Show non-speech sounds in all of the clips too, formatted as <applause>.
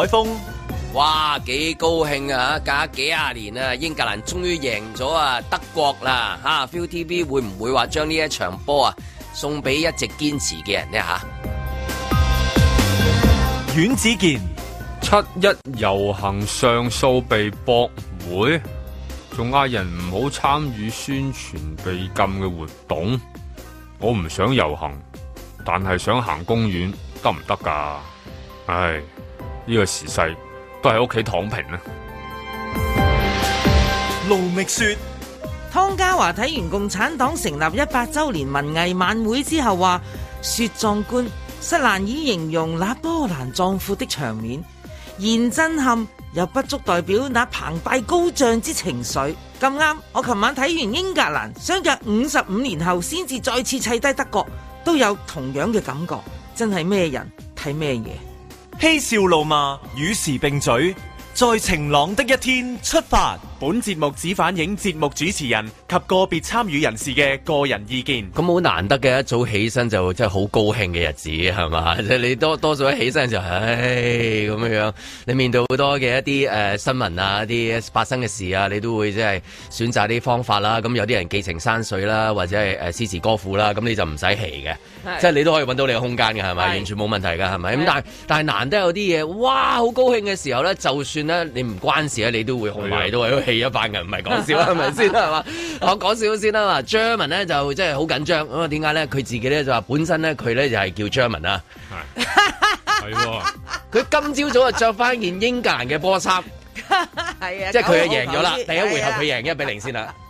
海峰，哇，幾高興啊！隔咗幾廿年啊，英格蘭終於贏咗啊，德國啦！吓，ViuTV 會唔會話將呢一場波啊送俾一直堅持嘅人呢？吓，阮子健七一遊行上訴被駁回，仲嗌人唔好參與宣傳被禁嘅活動。我唔想遊行，但係想行公園得唔得噶？唉。呢個時勢都喺屋企躺平啦。盧覓雪，湯家驊睇完共產黨成立一百周年文藝晚會之後話：說壯觀，實難以形容那波瀾壯闊的場面；現震撼，又不足代表那澎湃高漲之情緒。咁啱，我琴晚睇完英格蘭，相隔五十五年後先至再次砌低德國，都有同樣嘅感覺。真係咩人睇咩嘢。嬉笑怒罵，與時並進。在晴朗的一天出發，本節目只反映節目主持人及個別參與人士嘅個人意見。咁好難得嘅一早起身就真係好高興嘅日子係嘛，即係、就是、你多多數一起身就唉咁樣樣，你面對好多嘅一啲誒、呃、新聞啊一啲發生嘅事啊，你都會即係選擇啲方法啦。咁有啲人寄情山水啦、啊，或者係誒詩詞歌賦啦、啊，咁你就唔使氣嘅，即係是你都可以揾到你嘅空間嘅係咪，完全冇問題噶係咪？咁是但係但係難得有啲嘢，哇好高興嘅時候咧，就算。算你唔關事咧，你都會紅埋的都係都氣一班人，唔係講笑啦，係咪先係嘛？我講少先啦。嗱 j e 咧就即係好緊張咁啊？點解咧？佢自己咧就話本身咧佢咧就係叫 j 文 r 啦，係係，佢今朝早就着翻件英格蘭嘅波衫，係啊 <laughs> 的，即係佢啊贏咗啦！ <laughs> 的第一回合佢贏一比零先啦。 <laughs> 的 <laughs>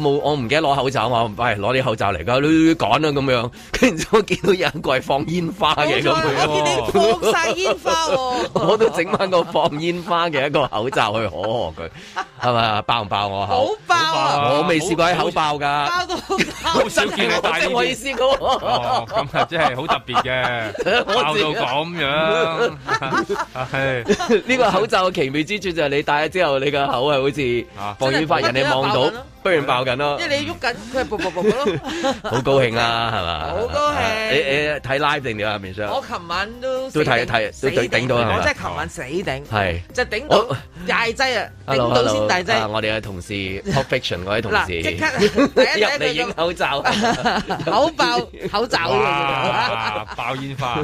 冇，我唔記得攞口罩嘛，係攞啲口罩嚟噶，你趕啦咁樣，跟住我見到有人過嚟放煙花嘅咁樣，我見你放晒煙花喎，我都整翻個放煙花嘅一個口罩去，哦佢係咪爆唔爆我口？好爆！我未試過喺口爆噶，爆到好少見你戴呢。我意思嘅，哦咁啊，真係好特別嘅，爆到咁樣。呢個口罩嘅奇妙之處就係你戴咗之後，你個口係好似放煙花，人哋望到。不如爆緊咯，即係你喐緊佢 boom boom boom 咯，好高興啦，係嘛？好高興！你你睇 live 定點啊？面上我琴晚都都睇睇都頂頂到我真係琴晚死頂，係就頂到大劑啊！頂到先大劑。我哋嘅同事，production 嗰位同事，即刻入嚟影口罩，口爆口罩，爆煙花，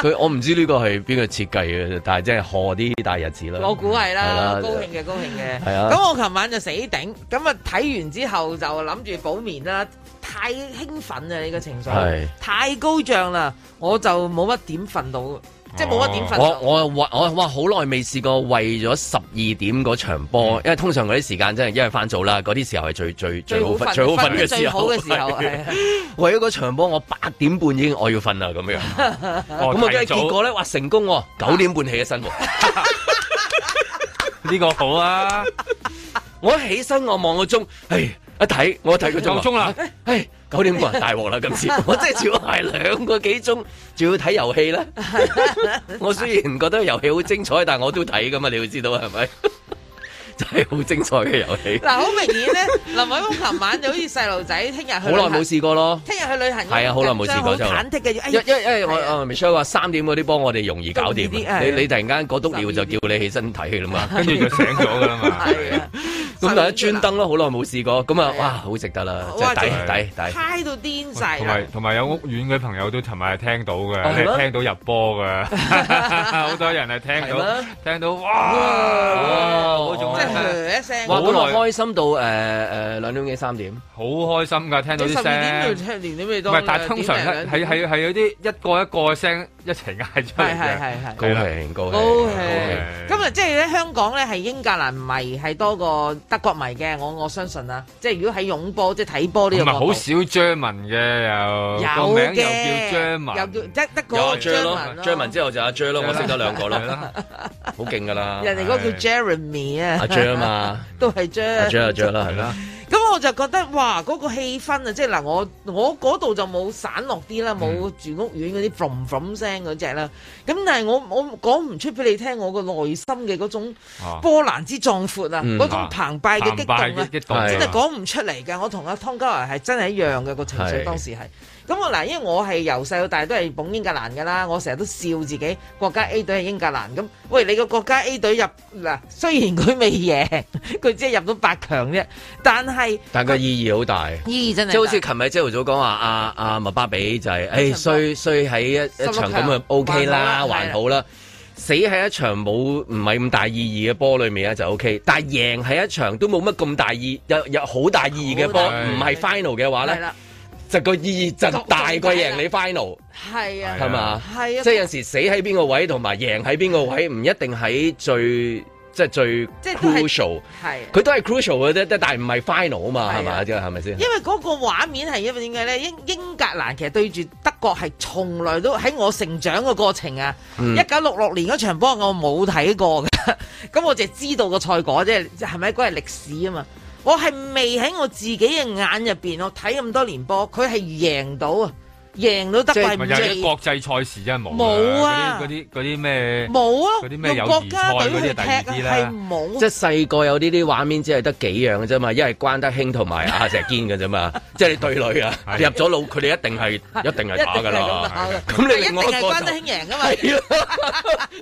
佢，我唔知呢個係邊個設計嘅，但係真係賀啲大日子啦。我估係啦，高興嘅高興嘅。係啊，咁我琴晚就死頂，咁睇完之後就諗住補眠啦，太興奮啦！呢個情緒太高漲啦，我就冇乜點瞓到，即係冇乜點瞓。我我我好耐未試過為咗十二點嗰場波，因為通常嗰啲時間真係因為翻早啦，嗰啲時候係最最最好瞓最好瞓嘅時候。為咗嗰場波，我八點半已經我要瞓啦，咁樣。咁啊，結果咧，哇，成功！九點半起咗身。呢個好啊！我起身我望個鐘，哎，一睇我睇個鐘，鐘啦，哎，九點半大鑊啦！今次我真係少埋兩個幾鐘，仲要睇遊戲啦。 <laughs> 我雖然唔覺得遊戲好精彩，但我都睇噶嘛，你會知道係咪？真係好精彩嘅遊戲。嗱，好明顯咧，林偉峰琴晚就好似細路仔，聽日去好耐冇試過咯。聽日去旅行係啊，好耐冇試過就。因為因為我我 Michelle 話三點嗰啲幫我哋容易搞掂。你你突然間嗰篤尿就叫你起身睇戲啦嘛，跟住就醒咗噶啦嘛。 <laughs> 是啊！ <laughs> 咁大家專登咯，好耐冇試過，咁啊，哇，好值得啦，即係抵抵抵 high 到癲晒，同埋同埋有屋苑嘅朋友都尋日聽到嘅，聽到入波㗎！好多人係聽到聽到哇，嗰種即係一聲，哇，好開心到誒誒兩點幾三點，好開心㗎，聽到啲聲，連點咩都唔係，但係通常係係係有啲一個一個聲一齊嗌出嚟嘅，係高興高興高興咁即係咧香港咧係英格蘭唔係係多個。德國迷嘅，我我相信啦。即係如果喺擁波，即係睇波呢個，唔係好少 Jerman 嘅又，有。個名又叫 Jerman，又叫德得個阿 J 咯 Jerman 之後就阿 J 咯，我識得兩個啦，好勁噶啦。人哋嗰個叫 Jeremy 啊，阿 J 啊嘛，都係 J，阿 J 阿 J 啦，係啦。咁、嗯、我就覺得嘩，嗰、那個氣氛啊，即係嗱，我我嗰度就冇散落啲啦，冇住屋苑嗰啲 from from 聲嗰隻啦。咁但係我我講唔出俾你聽我個內心嘅嗰種波瀾之壯闊啊，嗰、啊嗯啊、種澎湃嘅激動啊，真係講唔出嚟㗎。我同阿湯家驊係真係一樣嘅個情緒，當時係。咁我嗱，因為我係由細到大都係捧英格蘭㗎啦，我成日都笑自己國家 A 隊係英格蘭。咁，喂，你個國家 A 隊入嗱，雖然佢未贏，佢只係入到八強啫，但係但個意義好大，意義真係即好似琴日朝頭早講話，阿阿麥巴比就係衰衰喺一場咁嘅 O K 啦，還,啦還好啦，的死喺一場冇唔係咁大意義嘅波裏面咧就 O、OK, K，但係贏喺一場都冇乜咁大意，有有好大意義嘅波唔係 final 嘅話咧。就個意義就大過贏你 final 係啊，係嘛吧？係啊，係啊，即有時死喺邊個位同埋贏喺邊個位唔一定喺最係、啊、即係最即 crucial 係，佢都係 crucial 嘅，啫、啊，但係唔係 final 啊嘛，係嘛、啊？即係咪先？因為嗰個畫面係因為點解咧？英英格蘭其實對住德國係從來都喺我成長嘅過程啊！一九六六年嗰場波我冇睇過嘅，咁 <laughs> 我就係知道那個賽果啫，即係咪嗰係歷史啊嘛？我係未喺我自己嘅眼入邊，我睇咁多年波，佢係贏到啊！贏都得，即係國際賽事真係冇啊！嗰啲嗰啲嗰啲咩冇啊！嗰啲咩國家隊嗰啲踢係冇。即係細個有呢啲畫面，只係得幾樣嘅啫嘛。因為關德興同埋阿石堅嘅啫嘛。即係你對壘啊，入咗腦，佢哋一定係一定係假嘅啦。咁你一定係關德興贏嘅嘛？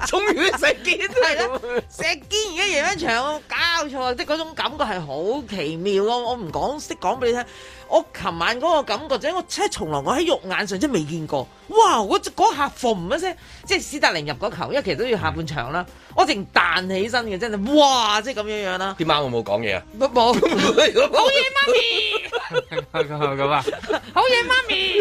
終於石堅係咯，石堅而家贏一場搞錯，即係嗰種感覺係好奇妙咯。我唔講，識講俾你聽。我琴晚嗰個感覺，即係我即從來我喺肉眼上真係未見過，哇！我嗰下逢嗰聲，即係史達靈入個球，因為其實都要下半場啦，我淨彈起身嘅，真係哇！即係咁樣樣啦。點解我冇講嘢啊，冇冇嘢，媽咪，咁 <laughs> <laughs> 樣啊，好 <laughs> 嘢，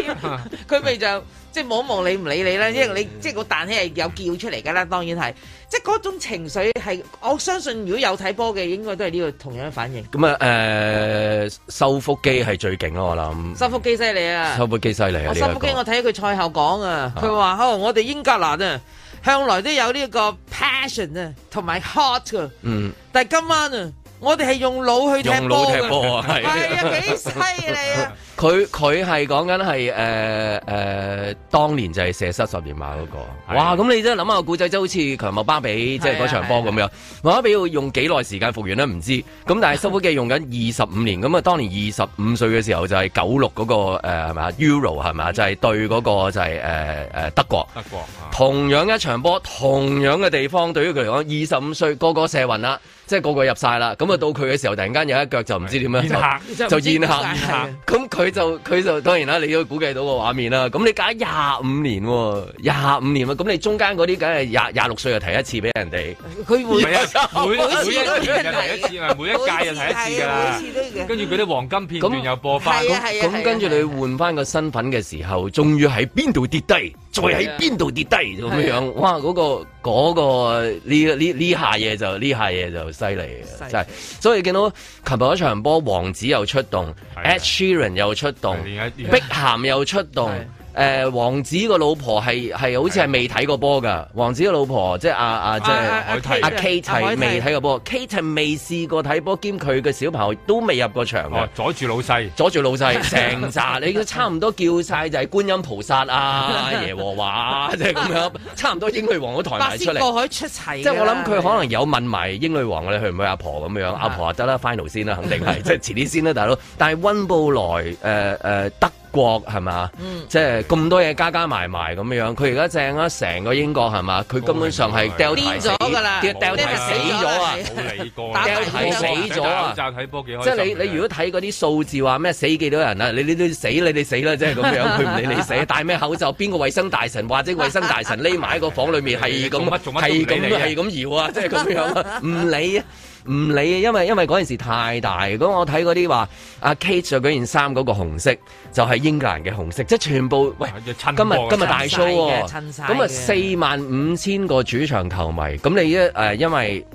<laughs> 媽咪，佢咪就。即係望望你唔理你啦，因為你即係個彈氣係有叫出嚟噶啦，當然係，即係嗰種情緒係我相信如果有睇波嘅，應該都係呢個同樣嘅反應。咁啊，誒，收腹肌係最勁咯，我諗。收腹肌犀利啊！收腹肌犀利啊！收腹肌我睇佢賽後講啊，佢話：，我哋英格蘭啊，向來都有呢個 passion 啊，同埋 heart 嘅。嗯。但係今晚啊。我哋係用腦去踢波，用腦踢波啊！係啊，幾犀利啊！佢佢係講緊係誒誒，當年就係射失十二碼嗰，那個。是啊，哇！咁你真係諗下個古仔，真係好似強密巴比即係嗰場波咁樣。巴，啊啊，比要用幾耐時間復原咧？唔知。咁但係修夫基用緊二十五年。咁啊，當年二十五歲嘅時候就係九六嗰個誒係咪，Euro 係咪就係，是，對嗰個就係誒誒德國。德國。德國啊，同樣一場波，同樣嘅地方，對於佢嚟講，二十五歲個個射運啦。即係個個入晒啦，咁啊到佢嘅時候，突然間有一腳就唔知點樣，就就現行。咁佢就佢就當然啦，你都估計到個畫面啦。咁你隔廿五年，廿五年啊，咁你中間嗰啲梗係廿廿六歲又提一次俾人哋。佢會每一次都俾人提，一次啊，每一屆又提一次噶啦。每一次跟住佢啲黃金片段又播翻。咁跟住你換翻個身份嘅時候，終於喺邊度跌低？再喺邊度跌低咁樣？哇！嗰個嗰個呢呢呢下嘢就呢下嘢就犀利嘅，真係。所以見到琴日嗰場波，王子又出動，Ed Sheeran 又出動，碧咸又出動。誒王子個老婆係係好似係未睇過波㗎，王子個老婆即係阿啊，即係阿 Kate 未睇過波，Kate 未試過睇波，兼佢嘅小朋友都未入過場。阻住老細，阻住老細，成扎你都差唔多叫晒就係觀音菩薩啊、耶和華啊，即係咁樣，差唔多英女王都抬埋出嚟。出齊。即係我諗佢可能有問埋英女王，你去唔去阿婆咁樣？阿婆話得啦，final 先啦，肯定係即係遲啲先啦，大佬。但係溫布萊誒誒得。國係嘛，即係咁多嘢加加埋埋咁樣，佢而家正啦，成個英國係嘛，佢根本上係掉低咗噶啦，掉掉啲係死咗啊，冇理過，掉低死咗啊，即係你你如果睇嗰啲數字話咩死幾多人啊，你你都死你哋死啦，即係咁樣，佢唔理你死，戴咩口罩，邊個衛生大臣或者衛生大臣匿埋喺個房裏面係咁，係咁係咁搖啊，即係咁樣，唔理啊。唔理，因為因為嗰陣時太大。咁我睇嗰啲話，阿 Kate 着嗰件衫嗰個紅色就係、是、英格蘭嘅紅色，即全部。喂，今日今日大 show 喎、哦，咁啊四萬五千個主場球迷，咁你一、呃、因為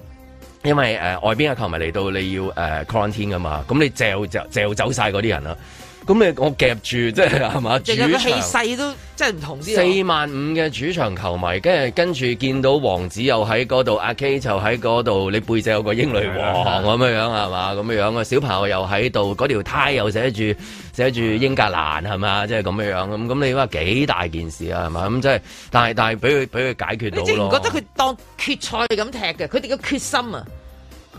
因為、呃、外邊嘅球迷嚟到，你要、呃、quarantine 㗎嘛，咁你就就就走晒嗰啲人啦。咁你我夾住，即係係嘛？主場個氣勢都即係唔同先。四萬五嘅主場球迷，跟住跟住見到王子又喺嗰度，阿 K 就喺嗰度，你背脊有個英女王咁樣的樣，係嘛？咁樣小朋友又喺度，嗰條呔又寫住寫住英格蘭，係嘛？即係咁樣咁，咁你話幾大件事啊？係嘛？咁即係，但係但係俾佢俾佢解決到咯。你係唔覺得佢當決賽咁踢嘅？佢哋嘅決心啊！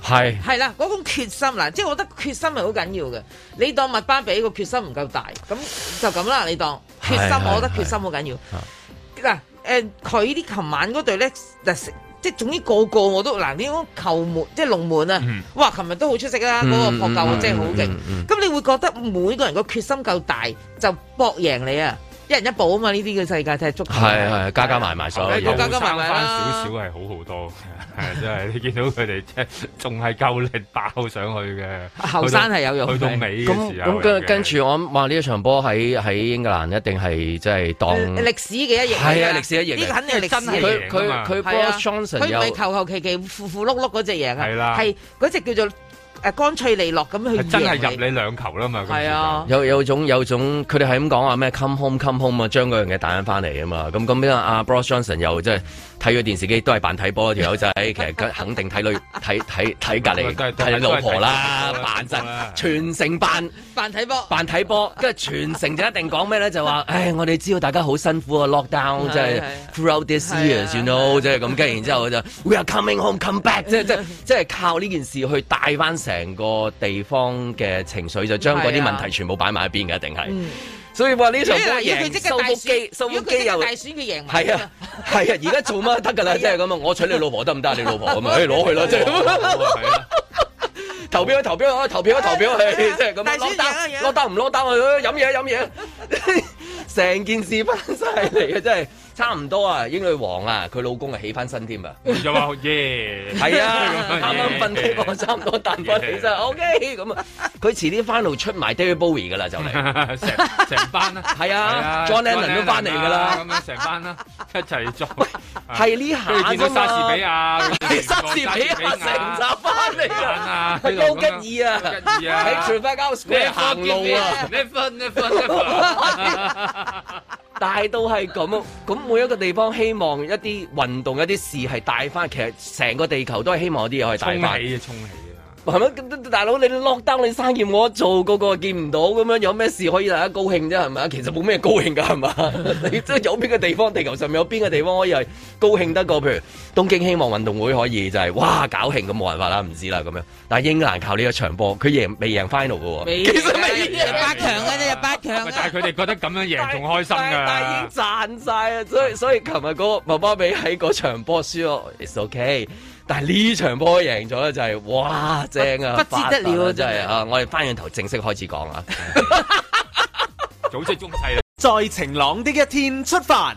係係啦，嗰是種決心嗱，即係我覺得決心係好緊要嘅。你當麥巴比個決心唔夠大，咁就咁啦。你當決心，是是是我覺得決心好緊要。嗱是、啊，誒、呃，佢啲琴晚嗰隊咧，嗱，即係總之個個我都嗱，呢個球門即係龍門啊，嗯、哇，琴日都好出色啦、啊，嗰、那個撲救真係好勁。咁你會覺得每個人個決心夠大，就搏贏你啊！一人一步啊嘛，呢啲嘅世界踢足球。係係，加加埋埋數，加加埋埋啦。少少係好好多，真係你見到佢哋即係仲係夠力爆上去嘅。後生係有用，去到尾時候咁跟跟住我諗，哇！呢一場波喺喺英格蘭一定係即係當歷史嘅一頁。係啊，歷史一頁。呢個肯定係歷史贏啊嘛。佢佢佢佢唔求求其其糊糊碌碌嗰隻贏。啊。係啦，只叫做。誒、啊、乾脆利落咁去，真係入你兩球啦嘛！係啊有，有種有種有種佢哋係咁講話咩 come home come home 個人打印嘛，將嗰樣嘢帶翻嚟啊嘛，咁咁點啊？阿 Boris Johnson 又真係。睇佢電視機都係扮睇波，條友仔其實佢肯定睇女睇睇睇隔離，睇你老婆啦，扮真，全城扮扮睇波，扮睇波，跟住全城就一定講咩咧？就話，唉，我哋知道大家好辛苦啊，lockdown 即係 throughout this year 算好，即係咁跟，然之後就 we are coming home，come back，即即即係靠呢件事去帶翻成個地方嘅情緒，就將嗰啲問題全部擺埋一邊嘅，一定係。所以話呢場波贏，收福機，收福機又大選嘅贏，係啊，係啊，而家做乜得㗎啦？即係咁啊！我娶你老婆得唔得？你老婆咁咪，去攞佢咯，就咁，投票去，投票去，投票去，投票去，即係咁。攞單，攞單唔攞單去！飲嘢，飲嘢，成件事翻晒嚟嘅，真係。差唔多啊，英女王啊，佢老公啊起翻身添啊，又話好耶，係啊，啱啱瞓低我差唔多彈翻起身，OK，咁啊，佢遲啲翻路出埋 David Bowie 噶啦，就嚟成成班啦，係啊，John Lennon 都翻嚟噶啦，咁樣成班啦，一齊做，係呢下啊嘛，莎士比亞，莎士比亞成集翻嚟啊，好得意啊，喺全班交手，你行路啊，你分你分，大到係咁，咁。每一個地方希望一啲運動，一啲事係帶翻，其實成個地球都係希望有啲嘢可以帶翻。係咪？大佬你落單你生意我做，個個見唔到咁樣，有咩事可以大家高興啫？係咪啊？其實冇咩高興噶，係嘛？ <laughs> 你即係有邊個地方？地球上面有邊個地方可以係高興得過？譬如東京希望運動會可以就係、是、哇，搞興咁冇辦法啦，唔知啦咁樣。但係英格蘭靠呢個場波，佢贏未贏 final 噶？啊、其實未八、啊、強嘅、啊、啫，八強。但係佢哋覺得咁樣贏仲開心噶。但係已經賺晒啊！所以所以琴日嗰個麥巴比喺嗰場波輸咗，It's okay 但是呢場波贏咗就係、是、哇正啊，啊不得了啊！啊啊啊我哋返轉頭正式開始講啦， <laughs> <laughs> 早中細在晴朗啲的一天出發。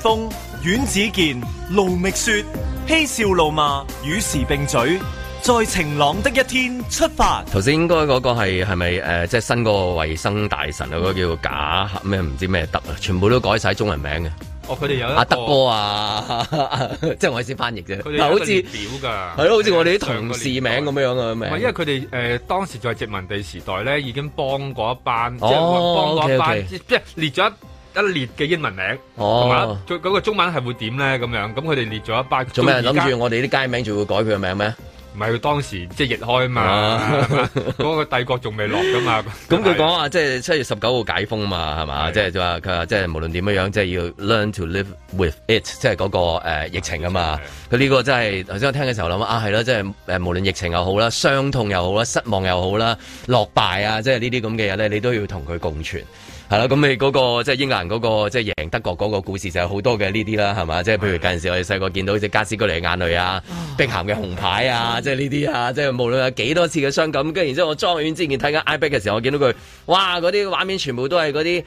風阮子健盧覓雪嬉笑怒罵與時並嘴，在晴朗的一天出發。頭先應該嗰個係係咪誒，即係新個衛生大臣嗰個叫假咩唔知咩德啊？全部都改晒中文名嘅。哦，佢哋有阿、啊、德哥啊，即、啊、係、啊啊啊就是、我先翻譯啫。佢哋好似表噶，係咯，好似我哋啲同事名咁樣樣嘅名。因為佢哋誒，當時在殖民地時代咧，已經幫過一班，即係幫過一班，即係 okay, okay. 列咗，一列嘅英文名，同埋嗰、哦那個中文係會點咧？咁樣咁佢哋列咗一班。做咩諗住我哋啲街名就會改佢嘅名咩？唔係佢當時即係疫開嘛，嗰個帝國仲未落噶嘛。咁佢講話，即係七月十九號解封嘛，係嘛？即係是就話佢即係無論點樣樣，即、就、係、是、要 learn to live with it，即係嗰個誒、呃、疫情啊嘛。佢呢的個真係頭先我聽嘅時候諗啊，係啦，即係誒無論疫情又好啦，傷痛又好啦，失望又好啦，落敗啊，即係呢啲咁嘅嘢咧，你都要同佢共存。係啦，咁你嗰個即係英格蘭嗰個即係贏德國嗰個故事就有好多嘅呢啲啦，係嘛？即係譬如嗰陣時我哋細個見到好似加斯哥尼嘅眼淚啊，碧咸嘅紅牌啊，即係呢啲啊，即係無論有幾多次嘅傷感，跟住然之後我莊園之前睇緊《I Back》嘅時候，我見到佢，哇！嗰啲畫面全部都係嗰啲。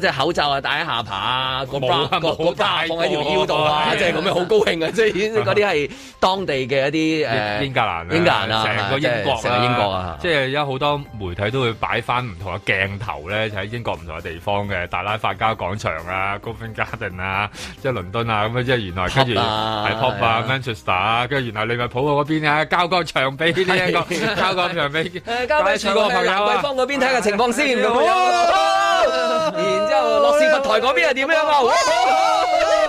即係口罩啊，戴喺下巴啊，個包個放喺條腰度啊，即係咁樣好高興啊！即係嗰啲係當地嘅一啲英格蘭英格蘭啊，成個英國成個英國啊，即係有好多媒體都會擺翻唔同嘅鏡頭咧，就喺英國唔同嘅地方嘅大拉法加廣場啊，Golfing Garden 啊，即係倫敦啊，咁樣即係原來跟住係 Pop 啊，Manchester，跟住原來利物浦嗰邊啊，交個場俾啲交個場俾交俾貴方嗰邊睇下情況先。然之後，樂視佛台嗰邊係點樣啊？啊啊啊啊啊啊啊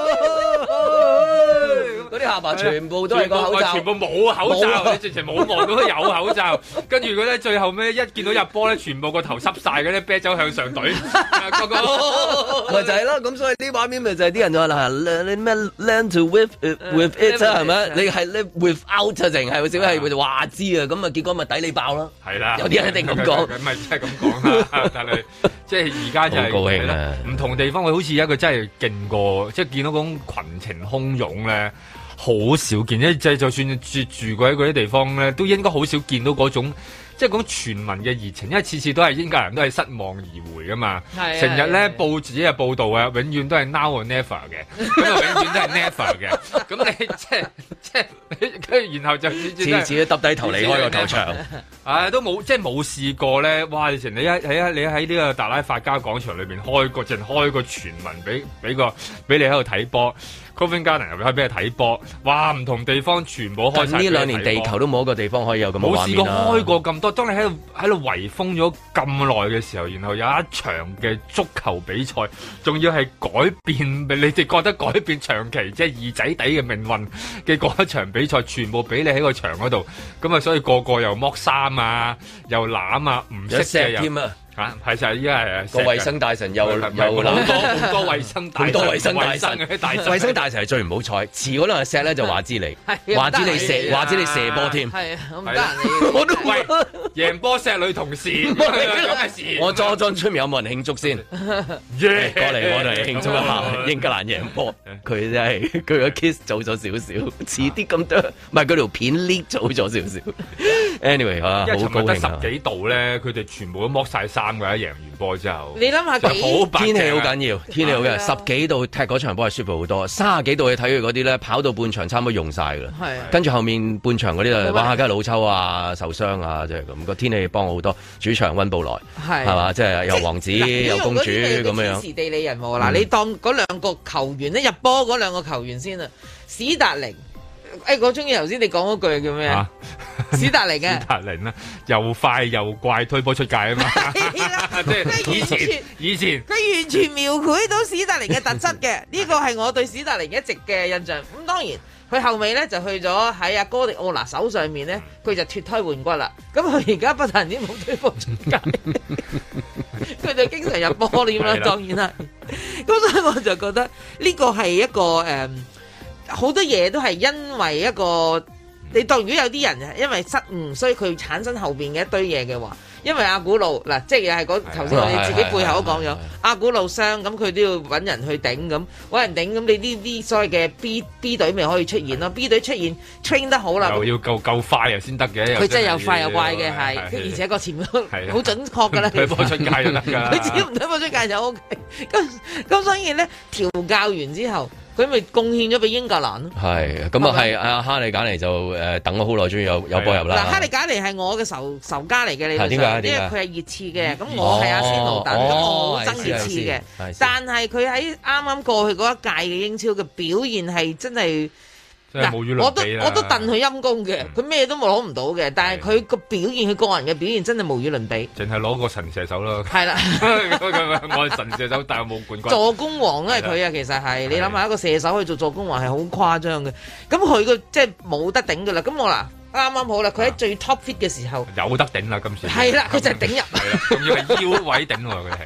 嗰啲下巴全部都冇口全部冇口罩，直情冇望到有口罩。跟住佢咧，最後咩一見到入波咧，全部個頭濕晒，嗰啲啤酒向上懟，咪就係咯。咁所以呢畫面咪就係啲人話啦，你咩 learn to live with it，係咪？你係 live without，定係少係話知啊？咁啊，結果咪抵你爆咯。係啦，有啲人一定咁講，咁咪真係咁講啦。但係即係而家就係唔同地方，佢好似一個真係勁過，即係見到嗰種羣情洶湧咧。好少見，即係就算住住過喺嗰啲地方咧，都應該好少見到嗰種，即係講全民嘅熱情，因為次次都係英格蘭都係失望而回㗎嘛。係是的。成日咧報紙嘅報道啊，永遠都係 now or never 嘅，咁啊永遠都係 never 嘅。咁 <laughs> 你即係即係，跟住然後就次 <laughs> 次都揼低頭離開個球場。唉、啊，都冇即係冇試過咧。哇！以前你一喺啊，你喺呢個達拉法加廣場裏邊開，開個淨開個全民俾俾個俾你喺度睇波。開 o 家人去俾你睇波？哇！唔同地方全部開晒嘅。呢兩年球地球都冇一個地方可以有咁、啊。冇試過開過咁多。當你喺喺度圍封咗咁耐嘅時候，然後有一場嘅足球比賽，仲要係改變你哋覺得改變長期即係二仔弟嘅命運嘅嗰一場比賽，全部俾你喺個場嗰度。咁啊，所以個個又剝衫啊，又攬啊，唔識嘅呀。啊，係就係依家係個衛生大臣又又多衛生，大多衛生，大衛生大臣係最唔好彩，遲嗰日錫咧就話知你，話知你射話知你射波添，係我唔得，我都贏波錫女同事，我裝裝出面有冇人慶祝先，過嚟我哋慶祝一下，英格蘭贏波，佢真係佢個 kiss 早咗少少，遲啲咁多，唔係佢條片 lift 早咗少少，anyway 啊，好高興十幾度咧，佢哋全部都剝晒沙。個一贏完波之後，你諗下幾、啊、天氣好緊要，天氣好緊要，的十幾度踢嗰場波係舒服好多，三十幾度去睇佢嗰啲咧，跑到半場差唔多用晒嘅啦，的跟住後面半場嗰啲啊哇，家老抽啊，受傷啊，即係咁，個天氣幫我好多，主場温布萊係嘛，即係的、就是、有王子的有公主咁樣。時地利人和嗱，嗯、你當嗰兩個球員一入波嗰兩個球員先啊。史達寧。誒、哎，我中意頭先你講嗰句叫咩？啊、史達靈嘅史達靈啦，又快又怪，推波出界啊嘛！即係以前，以前佢完全描繪到史達靈嘅特質嘅，呢 <laughs> 個係我對史達靈一直嘅印象。咁、嗯、當然，佢後尾咧就去咗喺阿哥迪奧拿手上面咧，佢就脫胎換骨啦。咁佢而家不但止冇推波出界，佢 <laughs> <laughs> 就經常入波添啦。當然啦，咁的現、 <laughs> 嗯、所以我就覺得呢個係一個誒。嗯好多嘢都係因為一個你當如果有啲人因為失誤，所以佢產生後邊嘅一堆嘢嘅話，因為阿古路嗱，即係係嗰頭先你自己背後都講咗，阿古路傷咁，佢都要揾人去頂，咁揾人頂，咁你呢啲所謂嘅 B B 隊咪可以出現咯？B 隊出現 train 得好啦，又要夠夠快又先得嘅，佢真係又快又快嘅係，而且個前鋒好準確噶啦，佢波出界都得噶，佢只要唔使波出界就 OK。咁咁所以咧調教完之後。佢咪貢獻咗俾英格蘭咯？係，咁啊係阿哈利簡尼就誒等咗好耐，終於有有波入啦。嗱的，哈利簡尼係我嘅仇仇家嚟嘅，你點解？為啊、因為佢係熱刺嘅，咁、啊、我係阿仙奴等，咁、啊哦、我冇憎熱刺嘅。但係佢喺啱啱過去嗰一屆嘅英超嘅表現係真係。嗱，我都我都戥佢陰公嘅，佢咩都冇攞唔到嘅，但係佢個表現，佢個人嘅表現真係無與倫比。淨係攞個神射手啦，係啦，我係神射手但係冇冠軍。助攻王咧，佢啊其實係你諗下一個射手去做助攻王係好誇張嘅。咁佢個即係冇得頂噶啦。咁我啦啱啱好啦，佢喺最 top fit 嘅時候有得頂啦，今次係啦，佢就係頂入嚟，仲要係腰位頂落，佢係。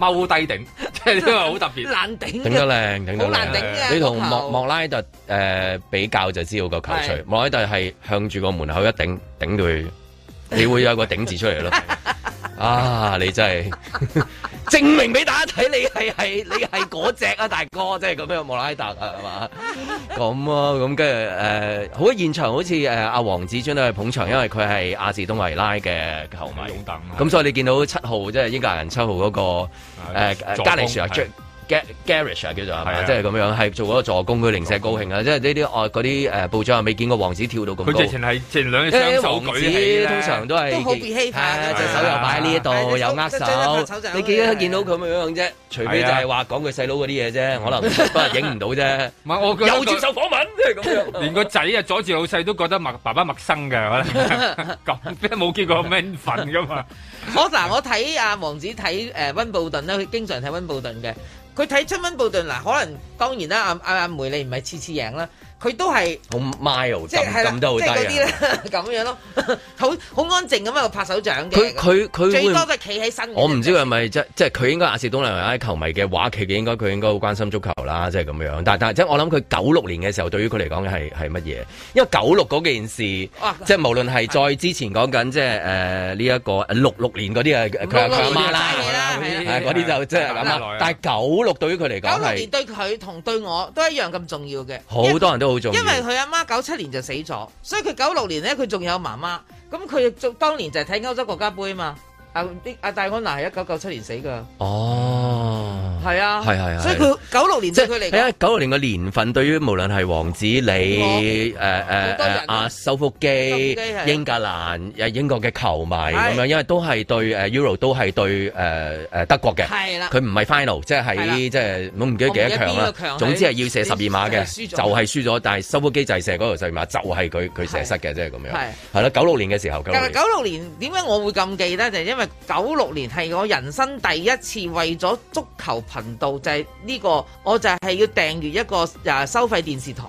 踎低頂，即係呢個好特別，難頂，啊頂得，頂得靚，難頂到、啊、的你同莫球莫拉特誒、呃、比較就知道個球趣，的莫拉特係向住個門口一頂，頂到佢，你會有一個頂字出嚟咯， <laughs> 啊！你真係。 <laughs> 證明俾大家睇，你係你係嗰隻啊，大哥，即係咁樣莫拉達啊，係嘛？咁 <laughs> 啊，咁跟住誒，好啊，現場好似誒阿黃子尊都去捧場，因為佢係亞士東維拉嘅球迷。等好，咁所以你見到七號即係的英格蘭七號嗰、那個誒加利斯啊？Garish 啊，叫做係嘛，即係咁樣，係做嗰個助攻佢零舍高興啊！即係呢啲外嗰啲誒部長啊，未見過王子跳到咁高。佢直情係前兩隻雙手舉嘅。通常都係都好別氣派。隻手又擺喺呢一度，又握手。你見一見到佢咪樣啫？除非就係話講佢細佬嗰啲嘢啫，可能不過影唔到啫。唔係我佢又接受訪問，即係咁樣。連個仔啊，佐治老細都覺得陌爸爸陌生嘅，我咧。咁咩冇見過 man 粉㗎嘛？我嗱，我睇阿王子睇誒温布頓咧，佢經常睇温布頓嘅。佢睇出溫布頓嗱，可能當然啦，阿阿阿梅你唔係次次贏啦。佢都係好 mild，即咁，都好低啲咁樣咯，好好安靜咁樣拍手掌嘅。佢佢佢最多都係企喺身。我唔知佢係咪即即係佢應該亞視東南亞球迷嘅話，其實應該佢應該好關心足球啦，即係咁樣。但但即我諗佢九六年嘅時候，對於佢嚟講係係乜嘢？因為九六嗰件事，即係無論係再之前講緊，即係誒呢一個六六年嗰啲啊，佢話佢阿媽啦，嗰啲就即係咁啊。但係九六對於佢嚟講，九六年對佢同對我都一樣咁重要嘅。好多人都。因為佢阿媽九七年就死咗，所以佢九六年呢，佢仲有媽媽，咁佢當年就係睇歐洲國家杯嘛。阿阿戴安娜係一九九七年死噶，哦，係啊，係係係，所以佢九六年即係佢嚟。係啊，九六年個年份對於無論係王子李誒誒阿修夫基英格蘭英國嘅球迷咁樣，因為都係對誒 Euro 都係對誒誒德國嘅，佢唔係 Final 即係喺即係我唔記得幾多強啦，總之係要射十二碼嘅，就係輸咗，但係修夫基就係射嗰條十二碼，就係佢佢射失嘅，即係咁樣，係係啦，九六年嘅時候，但係九六年點解我會咁記得就係因因為九六年係我人生第一次為咗足球頻道就係、是、呢、呢個，我就係要訂閱一個誒收費電視台。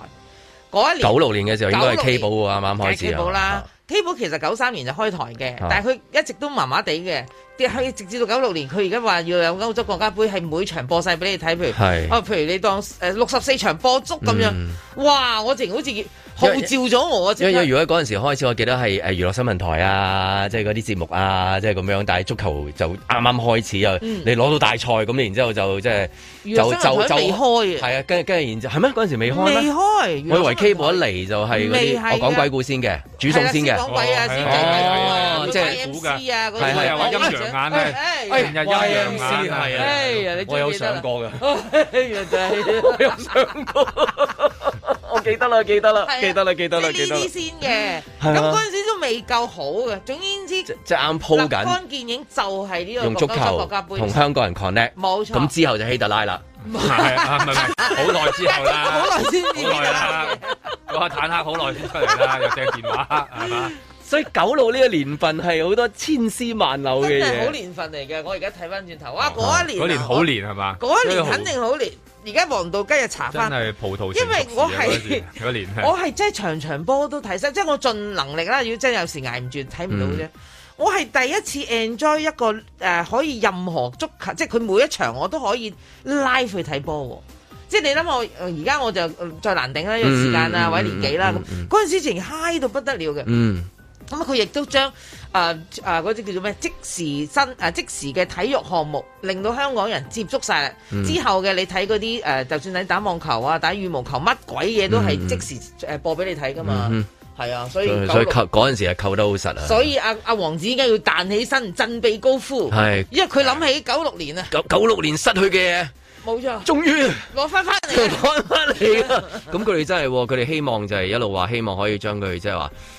嗰一年九六年嘅時候應該係的，該為 Cable 嘅啱啱開始啦。Cable、啊、其實九三年就開台嘅，啊、但係佢一直都麻麻地嘅。亦直至到九六年，佢而家話要有歐洲國家杯係每場播晒俾你睇，譬如係哦，是譬如你當誒六十四場播足咁樣，嗯、哇！我直好似。號召咗我，因為如果嗰陣時開始，我記得係娛樂新聞台啊，即係嗰啲節目啊，即係咁樣。但係足球就啱啱開始又，你攞到大賽咁，然之後就即係就就就未開。係啊，跟跟住然之後係咩？嗰陣時未開咩？我以為 K 部一嚟就係我講鬼故先嘅，煮餸先嘅。哦，即係。係啊，陰陽眼啊，成日陰陽眼啊，我有上過嘅。兄弟，我有上過。記得啦，記得啦，記得啦，記得啦，記得。呢啲先嘅，咁嗰陣時都未夠好嘅，總言之，即係啱鋪緊。立竿見影就係呢個用足球同香港人 connect。冇錯。咁之後就希特拉啦，係啊，係，好耐之後啦，好耐先，好耐啦，我坦克好耐先出嚟啦，又聽電話，係嘛？所以九老呢個年份係好多千絲萬縷嘅嘢真係好年份嚟嘅。我而家睇翻轉頭，嗰一年，嗰年好年係嘛？嗰一年肯定好年。而家黃道吉日查翻，真係葡萄。因為我係我係真係場場波都睇晒。即係我盡能力啦。如果真係有時捱唔住睇唔到啫。我係第一次 enjoy 一個誒可以任何足球，即係佢每一場我都可以 live 去睇波。即係你諗我而家我就再難頂啦，時間啊或者年紀啦咁。嗰陣時真係 high 到不得了嘅。咁佢亦都將誒誒嗰啲叫做咩即時新誒，啊、即時嘅體育項目，令到香港人接觸晒啦。嗯，之後嘅你睇嗰啲誒，就算你打網球啊、打羽毛球，乜鬼嘢都係即時誒播俾你睇噶嘛。係啊、嗯嗯以，所以，啊、所以嗰陣時係扣得好實啊。所以阿阿王子應該要彈起身，振臂高呼。係的，因為佢諗起96九六年啊，九九六年失去嘅嘢，冇錯了，終於攞翻翻嚟，攞翻嚟啊！咁佢哋真係，佢哋希望就係、是、一路話，希望可以將佢即係話。就是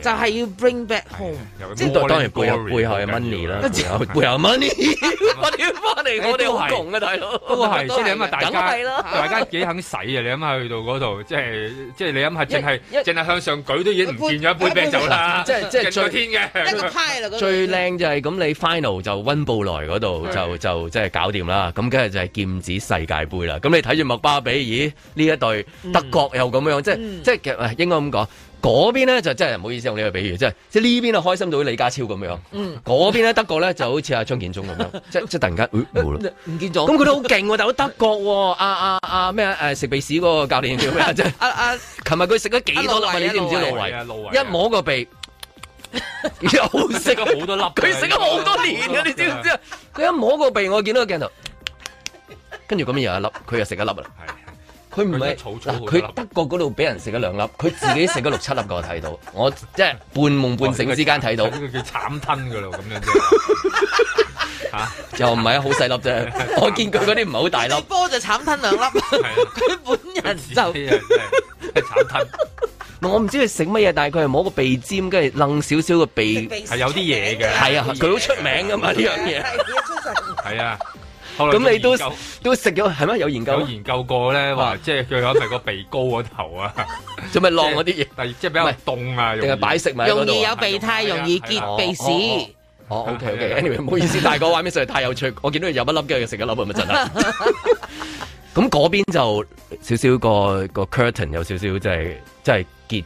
就係要 bring back home，即係當然背後背後嘅 money 啦，跟住又背後 money，我哋要翻嚟，我哋好窮呀大佬，都係，即係咁啊！大家大家幾肯使啊？你諗下去到嗰度，即係即係你諗下，淨係淨係向上舉都已經唔見咗一杯啤酒啦！即係即係最一個派咯，最靚就係咁，你 final 就溫布萊嗰度就就即係搞掂啦。咁梗係就係劍指世界盃啦。咁你睇住麥巴比，咦？呢一隊德國又咁樣，即係即係其實應該咁講。嗰邊咧就真係唔好意思用呢個比喻，即係即係呢邊啊開心到李家超咁樣，嗰、嗯、邊咧德國咧就好似阿張建宗咁樣，即即係突然間，唔、呃、見咗。咁佢都好勁、啊，但好德國喎、啊，啊啊啊，咩、啊啊、食鼻屎嗰個教練叫咩啫？啊啊，琴日佢食咗幾多粒？你知唔知路維？知知一摸個鼻又、啊啊、 <laughs> 食，食咗好多粒、啊。佢 <laughs> 食咗好多、啊、 <laughs> 多年啊！多你知唔知啊？佢的一摸個鼻，我見到個鏡頭，跟住咁樣又一粒，佢又食一粒啦。佢唔係草草，佢德國嗰度俾人食咗兩粒，佢自己食咗六七粒，我睇到，我即係半夢半醒之間睇到。呢個叫慘吞噶啦咁樣吓又唔係啊，好細粒啫。我見佢嗰啲唔係好大粒。波就慘吞兩粒，佢本人就係慘吞。我唔知佢食乜嘢，但係佢係摸個鼻尖，跟住楞少少個鼻，係有啲嘢嘅。係啊，佢好出名噶嘛呢樣嘢。係啊。咁你都都食咗係咪？有研究有研究過呢？話即係最好食個鼻膏嗰頭啊，仲咪落嗰啲嘢？但係即係比較凍啊，定係擺食咪？容易有鼻涕，容易結鼻屎。哦，OK OK，anyway，唔好意思，大哥，畫面實在太有趣，我見到你有一粒嘅就食一粒，係咪真啊？咁嗰邊就少少個個 curtain 有少少就係即係結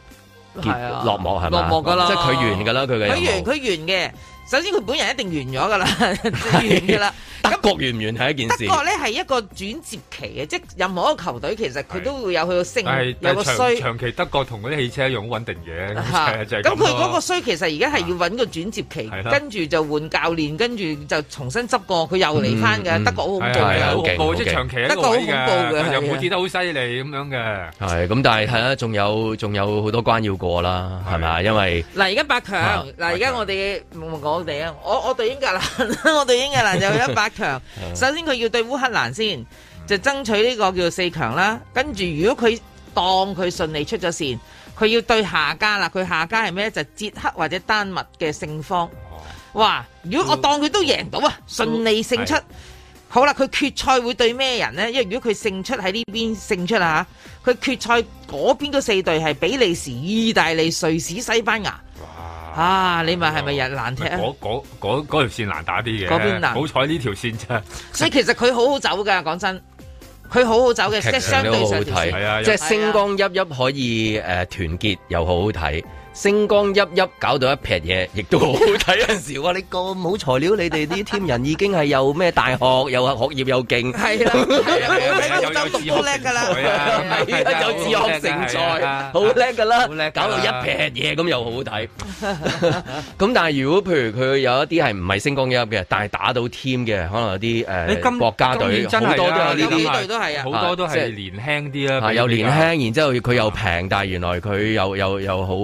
結落幕係咪？落幕㗎啦，即係佢圓㗎啦，佢嘅佢圓佢圓嘅。首先佢本人一定完咗噶啦，完噶啦。德國完唔完係一件事。德國咧係一個轉折期嘅，即係任何一個球隊其實佢都會有佢個升，有個衰。長期德國同嗰啲汽車一樣好穩定嘅，嚇，就係咁咯。咁佢嗰個衰其實而家係要揾個轉接期，跟住就換教練，跟住就重新執過，佢又嚟翻嘅。德國好恐怖嘅，好恐怖，即係長期一路依家又跌得好犀利咁樣嘅，係咁，但係係啦，仲有仲有好多關要過啦，係咪啊？因為嗱，而家八強，嗱，而家我哋冇冇講。我哋我對英格蘭，我對英格蘭就 <laughs> 有一百強。 <laughs> 首先佢要對烏克蘭先，就爭取呢個叫四強啦。跟住如果佢當佢順利出咗線，佢要對下家啦。佢下家係咩？就是、捷克或者丹麥嘅勝方。哇！如果我當佢都贏到啊，順、哦、利勝出，哦、好啦，佢決賽會對咩人呢？因為如果佢勝出喺呢邊勝出啦、啊、佢決賽嗰邊嘅四隊係比利時、意大利、瑞士、西班牙。啊！你咪係咪日爛踢嗰，啊嗰個，條線難打啲嘅。嗰邊難，好彩呢條線啫。所以其實佢好好走㗎，講真，佢好好走嘅。劇情即係相對好好睇，即係星光熠熠可以，呃、團結又好好睇。星光熠熠，搞到一撇嘢，亦都好好睇。有陣時喎你咁好材料，你哋啲 team 人已經係有咩大學，又學業又勁，係啦，又讀多叻噶啦，又自學成才，好叻噶啦，搞到一撇嘢咁又好好睇。咁但係如果譬如佢有一啲係唔係星光熠熠嘅，但係打到 team 嘅，可能有啲誒國家隊，好多都有啲隊都係，好多都係年輕啲啦，又年輕，然之後佢又平，但係原來佢又又又好。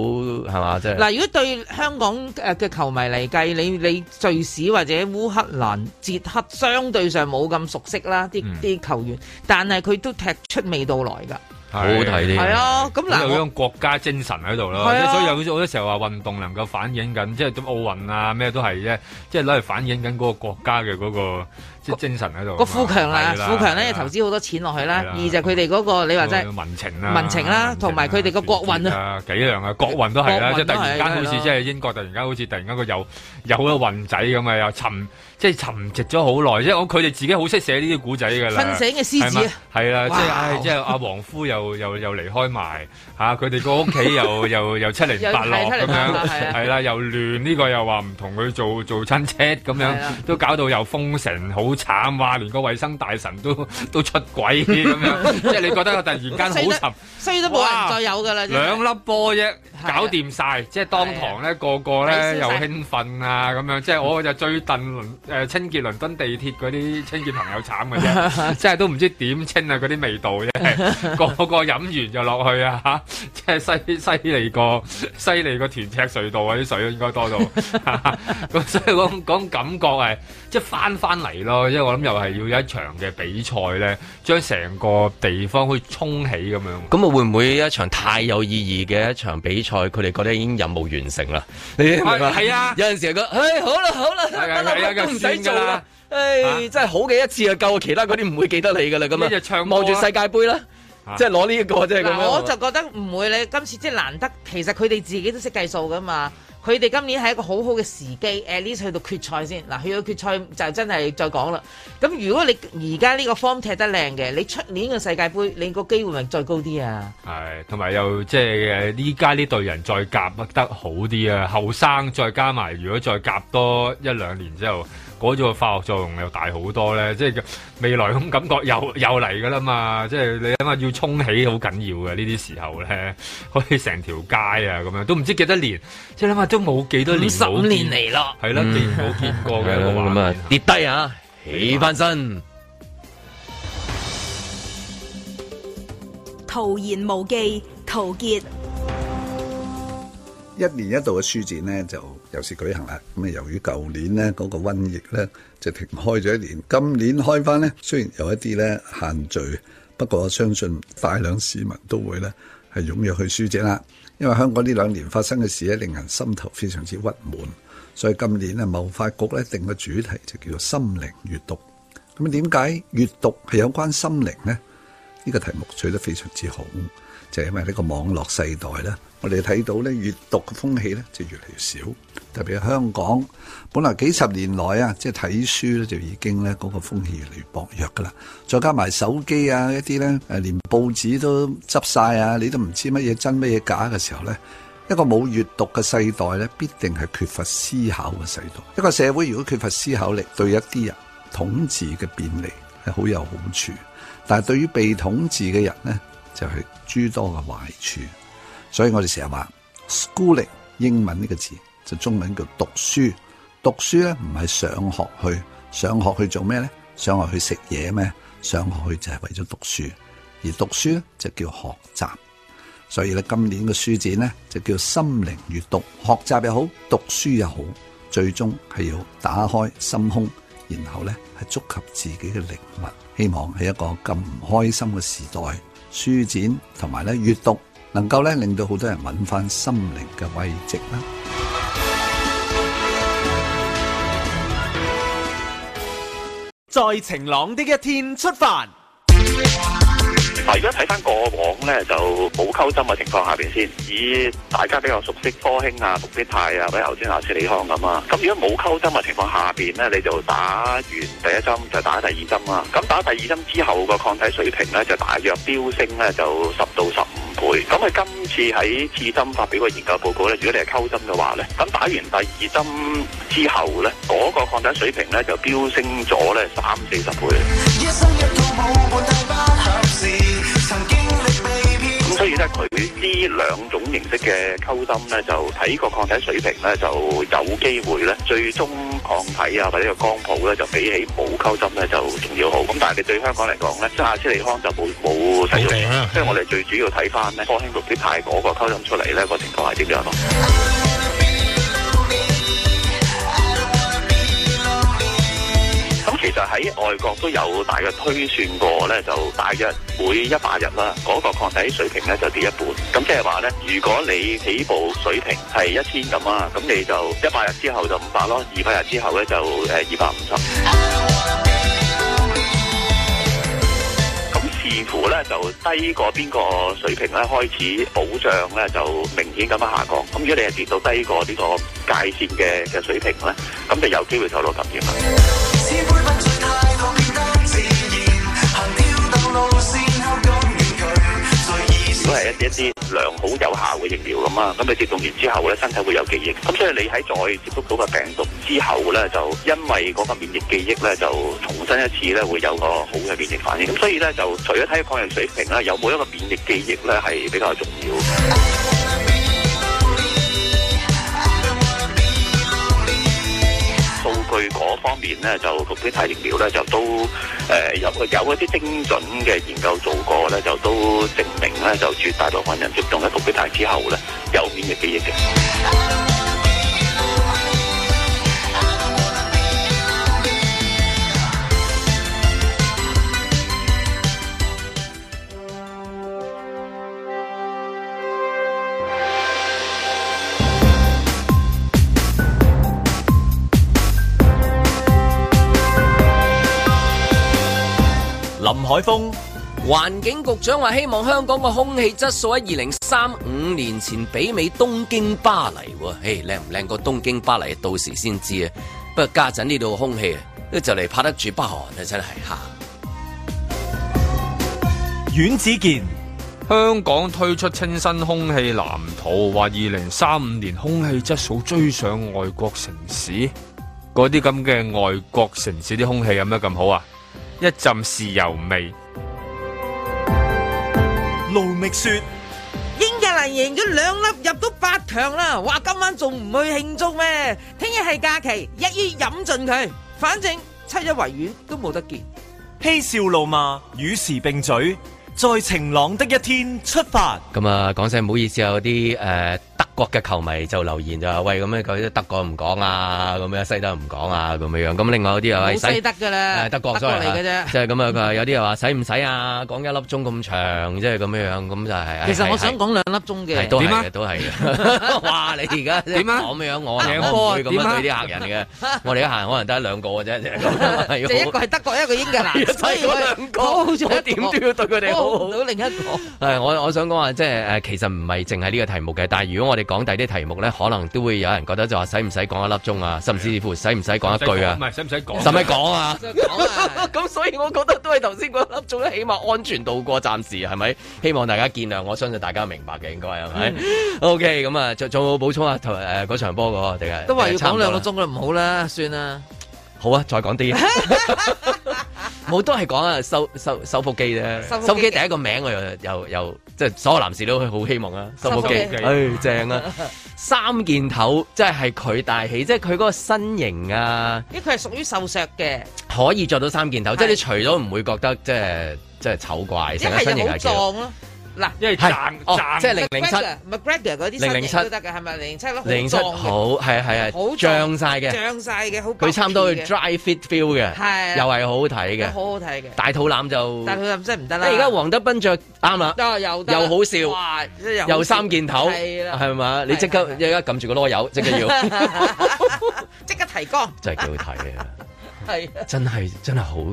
係嘛？即係嗱，如果對香港誒嘅球迷嚟計，你你瑞士或者烏克蘭、捷克相對上冇咁熟悉啦，啲啲球員，嗯、但係佢都踢出味道來噶。好好睇啲，係啊！咁嗱，有一個國家精神喺度啦，所以有好多時候話運動能夠反映緊，即係啲奧運啊咩都係啫，即係攞嚟反映緊嗰個國家嘅嗰個即係精神喺度。個富強啊，富強咧投資好多錢落去啦，二就佢哋嗰個你話齋民情啊，民情啦，同埋佢哋個國運啊。幾強啊，國運都係啦，即係突然間好似即係英國突然間好似突然間個有有好多運仔咁啊，又沉。即係沉寂咗好耐，即係我佢哋自己好識寫呢啲古仔㗎喇。瞓醒嘅獅子，係啦，Wow 即係即係阿王夫又又又離開埋。嚇！佢哋個屋企又又又七零八落咁樣，係啦，又亂呢個又話唔同佢做做親戚咁樣，都搞到又封城好慘，話連個衛生大臣都都出軌咁樣，即係你覺得突然間好沉，死都冇人再有噶啦，兩粒波啫，搞掂晒，即係當堂咧個個咧又興奮啊咁樣，即係我就追鄧誒清潔倫敦地鐵嗰啲清潔朋友慘嘅啫，即係都唔知點清啊嗰啲味道啫，個個飲完就落去啊。即係犀犀利過犀利過屯赤隧道啊，啲水應該多到咁 <laughs> <laughs> <laughs> 所以講講感覺係即係翻翻嚟咯，因為我諗又係要有一場嘅比賽咧，將成個地方可以衝起咁樣。咁啊會唔會一場太有意義嘅一場比賽，佢哋覺得已經任務完成啦？你明白？係、哎、啊，有陣時係覺得：哎「好啦好啦，得啦得啦，都唔使做啦。唉、啊，真係好嘅一次就、啊、夠，其他嗰啲唔會記得你噶啦咁啊。望住世界盃啦！啊、即係攞呢一個，即係咁樣、啊。我就覺得唔會你今次即係難得，其實佢哋自己都識計數噶嘛。佢哋今年係一個很好好嘅時機。At least 去到決賽先。嗱、啊，去到決賽就真係再講啦。咁、啊、如果你而家呢個 form 踢得靚嘅，你出年嘅世界盃，你個機會咪再高啲啊？係、哎，同埋又即係呢家呢隊人再夾得好啲啊！後生再加埋，如果再夾多一兩年之後。改咗個化學作用又大好多咧，即係未來咁感覺又又嚟噶啦嘛，即係你諗下要沖起好緊要嘅呢啲時候咧，可似成條街啊咁樣，都唔知幾多年，即係諗下都冇幾多年冇見嚟咯，係啦、嗯，冇見過嘅，咁啊跌低啊，起翻身。陶言無忌，陶傑。一年一度嘅書展咧就又是舉行啦，咁啊由於舊年咧嗰個瘟疫咧就停開咗一年，今年開翻咧雖然有一啲咧限聚，不過我相信大量市民都會咧係踴躍去書展啦。因為香港呢兩年發生嘅事咧令人心頭非常之鬱悶，所以今年啊貿發局咧定嘅主題就叫做心靈閱讀。咁點解閱讀係有關心靈咧？呢個題目取得非常之好，就係因為呢個網絡世代咧。我哋睇到咧，閱讀嘅風氣咧就越嚟越少，特別係香港。本來幾十年來啊，即係睇書咧就已經咧嗰個風氣越嚟越薄弱噶啦。再加埋手機啊，一啲咧誒，連報紙都執晒啊，你都唔知乜嘢真乜嘢假嘅時候咧，一個冇閱讀嘅世代咧，必定係缺乏思考嘅世代。一個社會如果缺乏思考力，對一啲人統治嘅便利係好有好處，但係對於被統治嘅人咧，就係諸多嘅壞處。所以我哋成日話，schooling 英文呢個字就中文叫讀書，讀書咧唔係上學去，上學去做咩咧？上學去食嘢咩？上學去就係為咗讀書，而讀書咧就叫學習。所以咧，今年嘅書展咧就叫心靈閱讀，學習又好，讀書又好，最終係要打開心胸，然後咧係觸及自己嘅靈魂。希望喺一個咁唔開心嘅時代，書展同埋咧閱讀。能夠咧令到好多人搵翻心靈嘅慰藉啦，在晴朗的一天出發。嗱，如果睇翻過往呢，就冇溝針嘅情況下面先，以大家比較熟悉科興啊、復必泰啊、或者頭先阿斯利康咁啊，咁如果冇溝針嘅情況下面呢，你就打完第一針就打第二針啦。咁打第二針之後個抗體水平呢，就大約飆升呢，就十到十五倍。咁佢今次喺次針發表個研究報告呢，如果你係溝針嘅話呢，咁打完第二針之後呢，嗰個抗體水平呢，就飆升咗呢三四十倍。所以咧，佢呢兩種形式嘅溝針咧，就睇個抗體水平咧，就有機會咧，最終抗體啊或者個光譜咧，就比起冇溝針咧就仲要好。咁但係你對香港嚟講咧，即係阿斯利康就冇冇睇到，即係、啊、我哋最主要睇翻咧科興陸啲派嗰個溝針出嚟咧，個情況係點樣咯？其實喺外國都有大約推算過呢，就大約每一百日啦，嗰個抗體水平呢就跌一半。咁即係話呢，如果你起步水平係一千咁啊，咁你就一百日之後就五百咯，二百日之後呢就誒二百五十。咁視乎呢就低過邊個水平呢，開始保障呢就明顯咁樣下降。咁如果你係跌到低過呢個界線嘅嘅水平呢，咁就有機會受到感染啦。係一啲良好有效嘅疫苗咁啊，咁你接種完之後咧，身體會有記憶，咁所以你喺再接觸到個病毒之後咧，就因為嗰個免疫記憶咧，就重新一次咧會有個好嘅免疫反應，咁所以咧就除咗睇抗體水平啦，有冇一個免疫記憶咧係比較重要的。佢嗰方面咧，就復必泰疫苗咧，就都誒、呃、有有一啲精準嘅研究做過咧，就都證明咧，就絕大部分人接種咗復必泰之後咧，有免疫記憶嘅。林海峰，環境局長話希望香港個空氣質素喺二零三五年前媲美東京、巴黎。嘿，靚唔靚過東京、巴黎到時先知啊！不過家陣呢度空氣都就嚟拍得住北韓啊，真係吓。阮子健，香港推出清新空氣藍圖，話二零三五年空氣質素追上外國城市。嗰啲咁嘅外國城市啲空氣有咩咁好啊？一陣豉油味，盧覓雪：英格蘭贏咗兩粒入到八強啦，話今晚仲唔去慶祝咩？聽日係假期，一於飲盡佢，反正七一維園都冇得見。嬉笑怒罵，與時並嘴，在晴朗的一天出發。咁啊，講聲唔好意思啊，有啲誒。國嘅球迷就留言就話：喂，咁樣佢啲德國唔講啊，咁樣西德唔講啊，咁樣樣。咁另外有啲又話：好西德㗎啦，係德國，德國嚟嘅啫。即係咁啊！佢有啲又話：使唔使啊？講一粒鐘咁長，即係咁樣樣，咁就係。其實我想講兩粒鐘嘅，點啊？都係，哇！你而家點啊？咁樣我我唔會咁對啲客人嘅。我哋一行可能得一兩個嘅啫，就係。就一個係德國，一個英格蘭啦。所以講兩個，我一點都要對佢哋好好。到另一個。係，我我想講話，即係誒，其實唔係淨係呢個題目嘅。但係如果我哋講第啲題目咧，可能都會有人覺得就話，使唔使講一粒鐘啊？甚至乎使唔使講一句啊？唔係使唔使講？使咪講啊？咁所以我覺得都係頭先嗰一粒鐘咧，起碼安全度過暫時，係咪？希望大家見諒，我相信大家明白嘅，應該係咪？OK，咁啊，仲仲有冇補充啊？同誒嗰場波個定係都話要慘兩個鐘啦，唔好啦，算啦。好啊，再講啲，冇都係講啊，收收收腹機咧，收腹機第一個名我又又又。即係所有男士都好希望啊，心腹肌，誒、哎、呦正啊， <laughs> 三件頭，即係係佢大氣，即係佢嗰個身形啊，因為佢係屬於瘦削嘅，可以做到三件頭，是即係你除咗唔會覺得是即係即係醜怪，成個身形係壯咯。嗱，因為賺賺即係零零七，唔 grad 啲零零七都得㗎，係咪零七咯？零七好係係係，好漲晒嘅，漲曬嘅好，佢差唔多去 dry fit feel 嘅，係又係好好睇嘅，好好睇嘅，大肚腩就，但係佢唔唔得啦。即而家黃德斌着啱啦，又又好笑，又三件頭，係啦，係嘛？你即刻一陣撳住個囉柚，即刻要即刻提光，真係幾好睇嘅。係、啊、真係真係好，好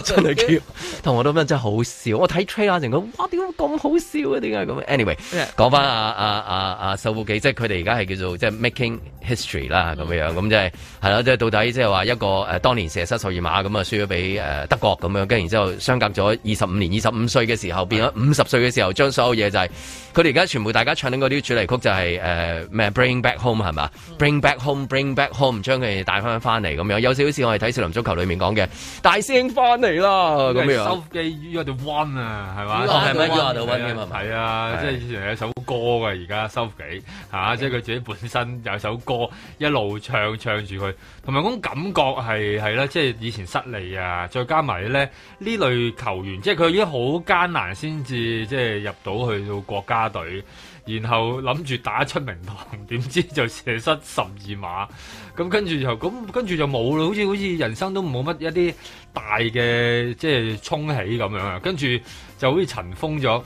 真係好，好 <laughs> 同我都咁真係好笑。我睇 trade 成個哇，點咁好笑，anyway, <laughs> 啊？點解咁？Anyway，講翻啊啊啊啊，秀富記，即係佢哋而家係叫做即係 making history 啦，咁樣樣咁即係係啦，即係到底即係話一個誒、啊，當年射失十二碼咁啊，輸咗俾誒德國咁樣，跟住然後之後相隔咗二十五年，二十五歲嘅時候，變咗五十歲嘅時候，將所有嘢就係佢哋而家全部大家唱緊嗰啲主題曲就係誒咩 bring back home 係嘛、嗯、bring back home，bring back home，將佢哋帶翻翻嚟咁樣。有少少好似我哋睇。少林足球裏面講嘅，大聲翻嚟啦！咁樣收機喺度溫啊，係嘛？係咪喺度溫嘅嘛？係啊，即係以前有一首歌嘅，而家收幾吓，啊、是即係佢自己本身有首歌一路唱唱住佢，同埋嗰種感覺係係啦，即係以前失利啊，再加埋咧呢類球員，即係佢已經好艱難先至即係入到去到國家隊。然後諗住打出名堂，點知就射失十二碼，咁跟住就咁跟住就冇啦，好似好似人生都冇乜一啲大嘅即係沖起咁樣啊，跟住就好似塵封咗。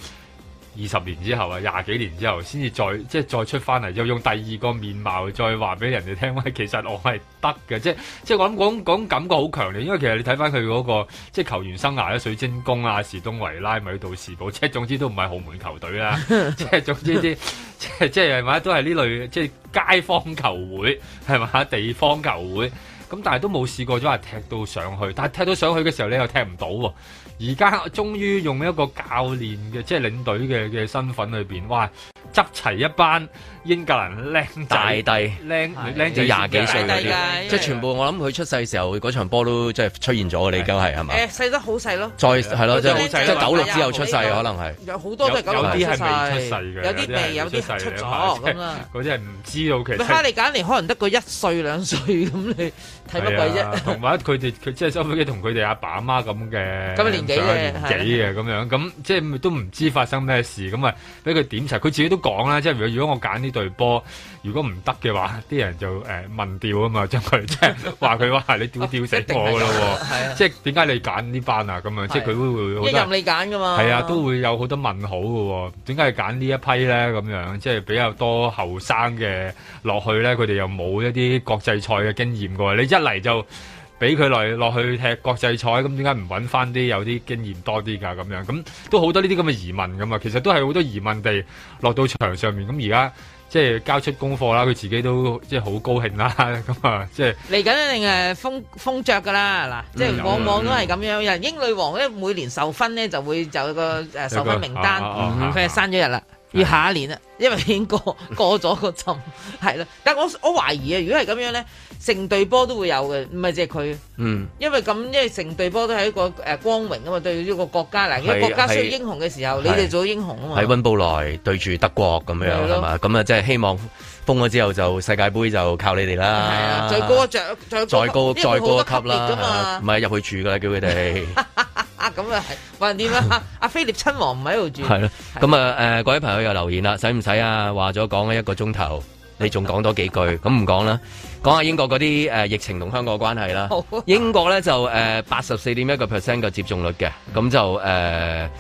二十年之後啊，廿幾年之後先至再即係再出翻嚟，又用第二個面貌再話俾人哋聽，喂，其實我係得嘅，即係即係我諗講講感覺好強烈，因為其實你睇翻佢嗰個即係球員生涯咧，水晶宮啊、士東維拉、米杜士堡，即係總之都唔係豪門球隊啦， <laughs> 即係總之啲即係即係係咪？都係呢類即係街坊球會係咪？地方球會，咁但係都冇試過咗話踢到上去，但係踢到上去嘅時候，你又踢唔到喎、啊。而家終於用一個教練嘅，即係領隊嘅嘅身份裏面。哇！執齊一班英格蘭靚大帝，靚靚仔，即廿幾歲嗰啲，即係全部。我諗佢出世嘅時候，嗰場波都即係出現咗。你講係係咪？誒細得好細咯，再係咯，即係九六之後出世可能係。有好多都係九六出世嘅，有啲未，有啲出咗咁啊！嗰啲係唔知道其實。哈利簡尼可能得個一歲兩歲咁，你睇乜鬼啫？同埋佢哋，佢即係收尾同佢哋阿爸阿媽咁嘅咁嘅年紀嘅，啊，年紀咁樣咁，即係都唔知發生咩事咁啊！俾佢點柒，佢自己都。講啦，即係如果如果我揀呢隊波，如果唔得嘅話，啲人就誒、呃、問掉啊嘛，將佢即係話佢話你丟丟死我噶咯，即係點解你揀呢班啊？咁樣、啊、即係佢都會，一任你揀噶嘛，係啊，都會有好多問號噶，點解係揀呢一批咧？咁樣即係、就是、比較多後生嘅落去咧，佢哋又冇一啲國際賽嘅經驗噶，你一嚟就。俾佢落落去踢國際賽，咁點解唔揾翻啲有啲經驗多啲噶咁樣？咁都好多呢啲咁嘅疑問噶嘛，其實都係好多疑問地落到場上面。咁而家即係交出功課啦，佢自己都即係好高興啦。咁啊，即係嚟緊一定誒封封著噶啦嗱，即係往往都係咁樣。人英女王咧，每年授分授勛咧，就會就有個授勛名單，佢係刪咗日啦。要是下一年啦，因為已經過過咗個陣，係咯。但係我我懷疑啊，如果係咁樣咧，成隊波都會有嘅，唔係係隻佢。嗯因。因為咁，因為成隊波都係一個誒光榮啊嘛，對呢個國家。係係。嗱，國家需要英雄嘅時候，你哋做英雄啊嘛。喺溫布萊對住德國咁樣啊嘛，咁啊即係希望封咗之後就世界杯就靠你哋啦。係啊的，再高再高一再再高再高一級啦嘛。唔係入去住啦叫佢哋 <laughs> 啊咁啊，話點 <laughs> 啊？阿菲力親王唔喺度住。係咯，咁啊誒， <laughs> 各位朋友又留言啦，使唔使啊？話咗講一個鐘頭，你仲講多幾句，咁唔講啦，講下英國嗰啲誒疫情同香港關係啦。 <laughs> 英國咧就誒八十四點一個 percent 嘅接種率嘅，咁就誒。呃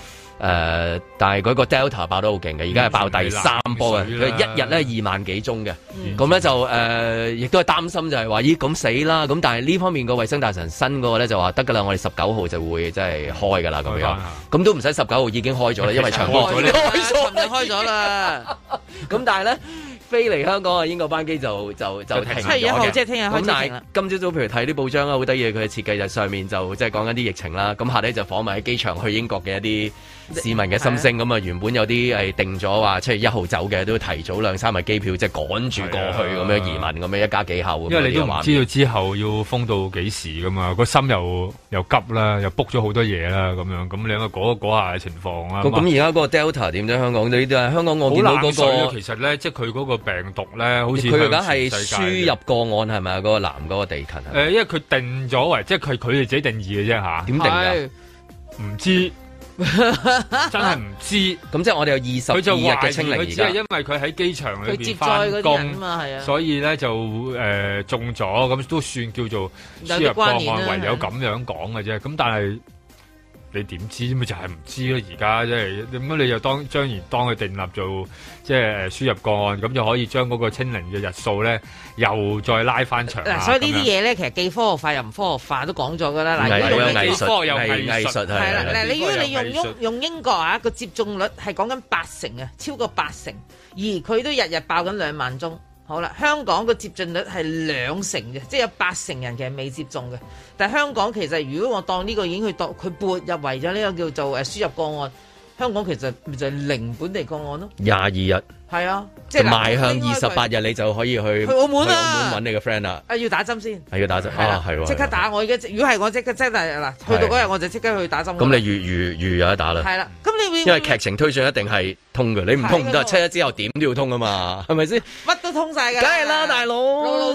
誒、呃，但係嗰個 Delta 爆得好勁嘅，而家係爆第三波啊！佢一日咧二萬幾宗嘅，咁咧、嗯嗯、就誒、呃，亦都係擔心就係話，咦，咁死啦！咁但係呢方面個衛生大臣新嗰個咧就話得噶啦，我哋十九號就會即係、就是、開噶啦咁樣，咁都唔使十九號已經開咗啦，了因為長機開咗啦，琴日開咗了啦。咁 <laughs> <laughs> 但係咧飛嚟香港嘅英國班機就就就停咗嘅。即係聽日開，咁但係今朝早，譬如睇啲報章啊，好得意，佢嘅設計就是、上面就即係講緊啲疫情啦。咁、啊、下咧就訪問喺機場去英國嘅一啲。市民嘅心聲咁啊！原本有啲係定咗話七月一號走嘅，都提早兩三日機票，即係趕住過去咁樣、啊、移民咁樣，咁樣一家幾口。因為你都知道之後要封到幾時噶嘛，個心又又急啦，又 book 咗好多嘢啦，咁樣咁你睇下嗰嗰下嘅情況啦。咁而家個 Delta 點啫？香港你話香港我見到嗰個其實咧，即係佢嗰個病毒咧，好似佢而家係輸入個案係咪啊？嗰個南嗰個地勤。誒，因為佢定咗為，即係佢佢哋自己定義嘅啫嚇。點定唔知， <laughs> 真係唔知，咁、啊、即係我哋有二十幾日嘅清零，而家佢就懷疑佢即係因為佢喺機場裏邊翻工，所以咧就誒、呃、中咗，咁都算叫做輸入個案，但有關啊、唯有咁樣講嘅啫。咁但係。你點知啫嘛？就係唔知咯，而家即係點解你就當將而當佢訂立做即係輸入個案，咁就可以將嗰個清零嘅日數咧，又再拉翻長。嗱，所以呢啲嘢咧，樣其實既科學化又唔科學化都講咗噶啦。嗱是，用嘅科學又係藝術係啦。嗱術，你如果你用用術用英國啊，個接種率係講緊八成啊，超過八成，而佢都日日爆緊兩萬宗。好啦，香港個接種率係兩成嘅，即係有八成人其實未接種嘅。但係香港其實，如果我當呢個已經去佢撥入為咗呢個叫做誒輸入個案。香港其實就係零本地個案咯，廿二日，係啊，即係邁向二十八日，你就可以去去澳門啦，揾你個 friend 啦。啊，要打針先，要打針，係即刻打我而家，如果係我即刻即係嗱，去到嗰日我就即刻去打針。咁你預預預有得打啦？係啦，咁你因為劇情推進一定係通嘅，你唔通唔得，七一之後點都要通啊嘛，係咪先？乜都通晒㗎！梗係啦，大佬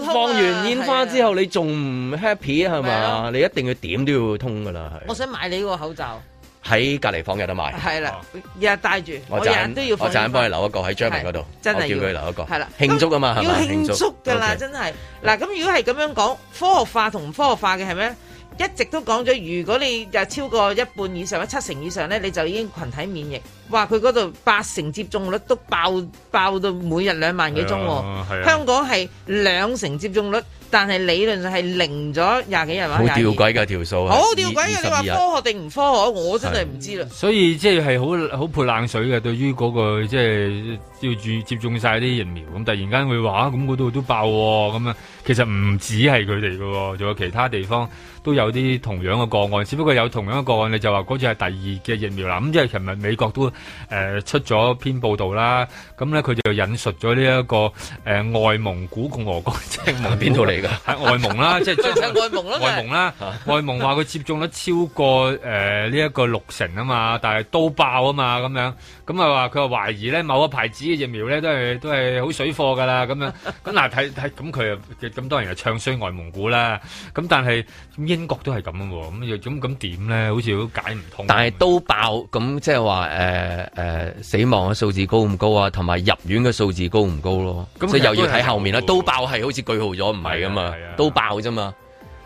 放完煙花之後你仲唔 happy 係嘛？你一定要點都要通噶啦，我想買你個口罩。喺隔離房有得賣。係啦，日日戴住，我日待都要間，我陣幫你留一個喺張明嗰度，真要我叫佢留一個。係啦，的慶祝啊嘛，係咪那？的要慶祝㗎啦，的 okay 真係。嗱，咁如果係咁樣講，科學化同唔科學化嘅係咩？一直都講咗，如果你就超過一半以上，七成以上咧，你就已經群體免疫。哇！佢嗰度八成接種率都爆爆到每日兩萬幾宗喎，是是香港係兩成接種率。但係理論上係零咗廿幾日啦，好吊詭嘅條數，好吊詭嘅。日你話科學定唔科學，我真係唔知啦。是所以即係好好潑冷水嘅，對於嗰、那個即係、就是、要注接種晒啲疫苗咁，突然間會話咁嗰度都爆喎，咁啊，其實唔止係佢哋嘅，仲有其他地方都有啲同樣嘅個案，只不過有同樣嘅個案你就話嗰次係第二嘅疫苗啦。咁即係琴日美國都誒、呃、出咗篇報道啦。咁咧佢就引述咗呢一個誒外蒙古共和國，即係喺邊度嚟噶？喺外蒙啦，即係即係外蒙啦，外蒙啦。外蒙話佢接種得超過誒呢一個六成啊嘛，但係都爆啊嘛咁樣，咁啊話佢話懷疑咧某一牌子嘅疫苗咧都係都係好水貨噶啦咁樣。咁嗱睇睇，咁佢又咁多人又唱衰外蒙古啦。咁但係英國都係咁喎，咁又咁咁點咧？好似都解唔通。但係都爆咁即係話誒誒死亡嘅數字高唔高啊？同咪入院嘅數字高唔高咯，所以又要睇後面啦。都爆係好似句號咗，唔係噶嘛？都爆啫嘛。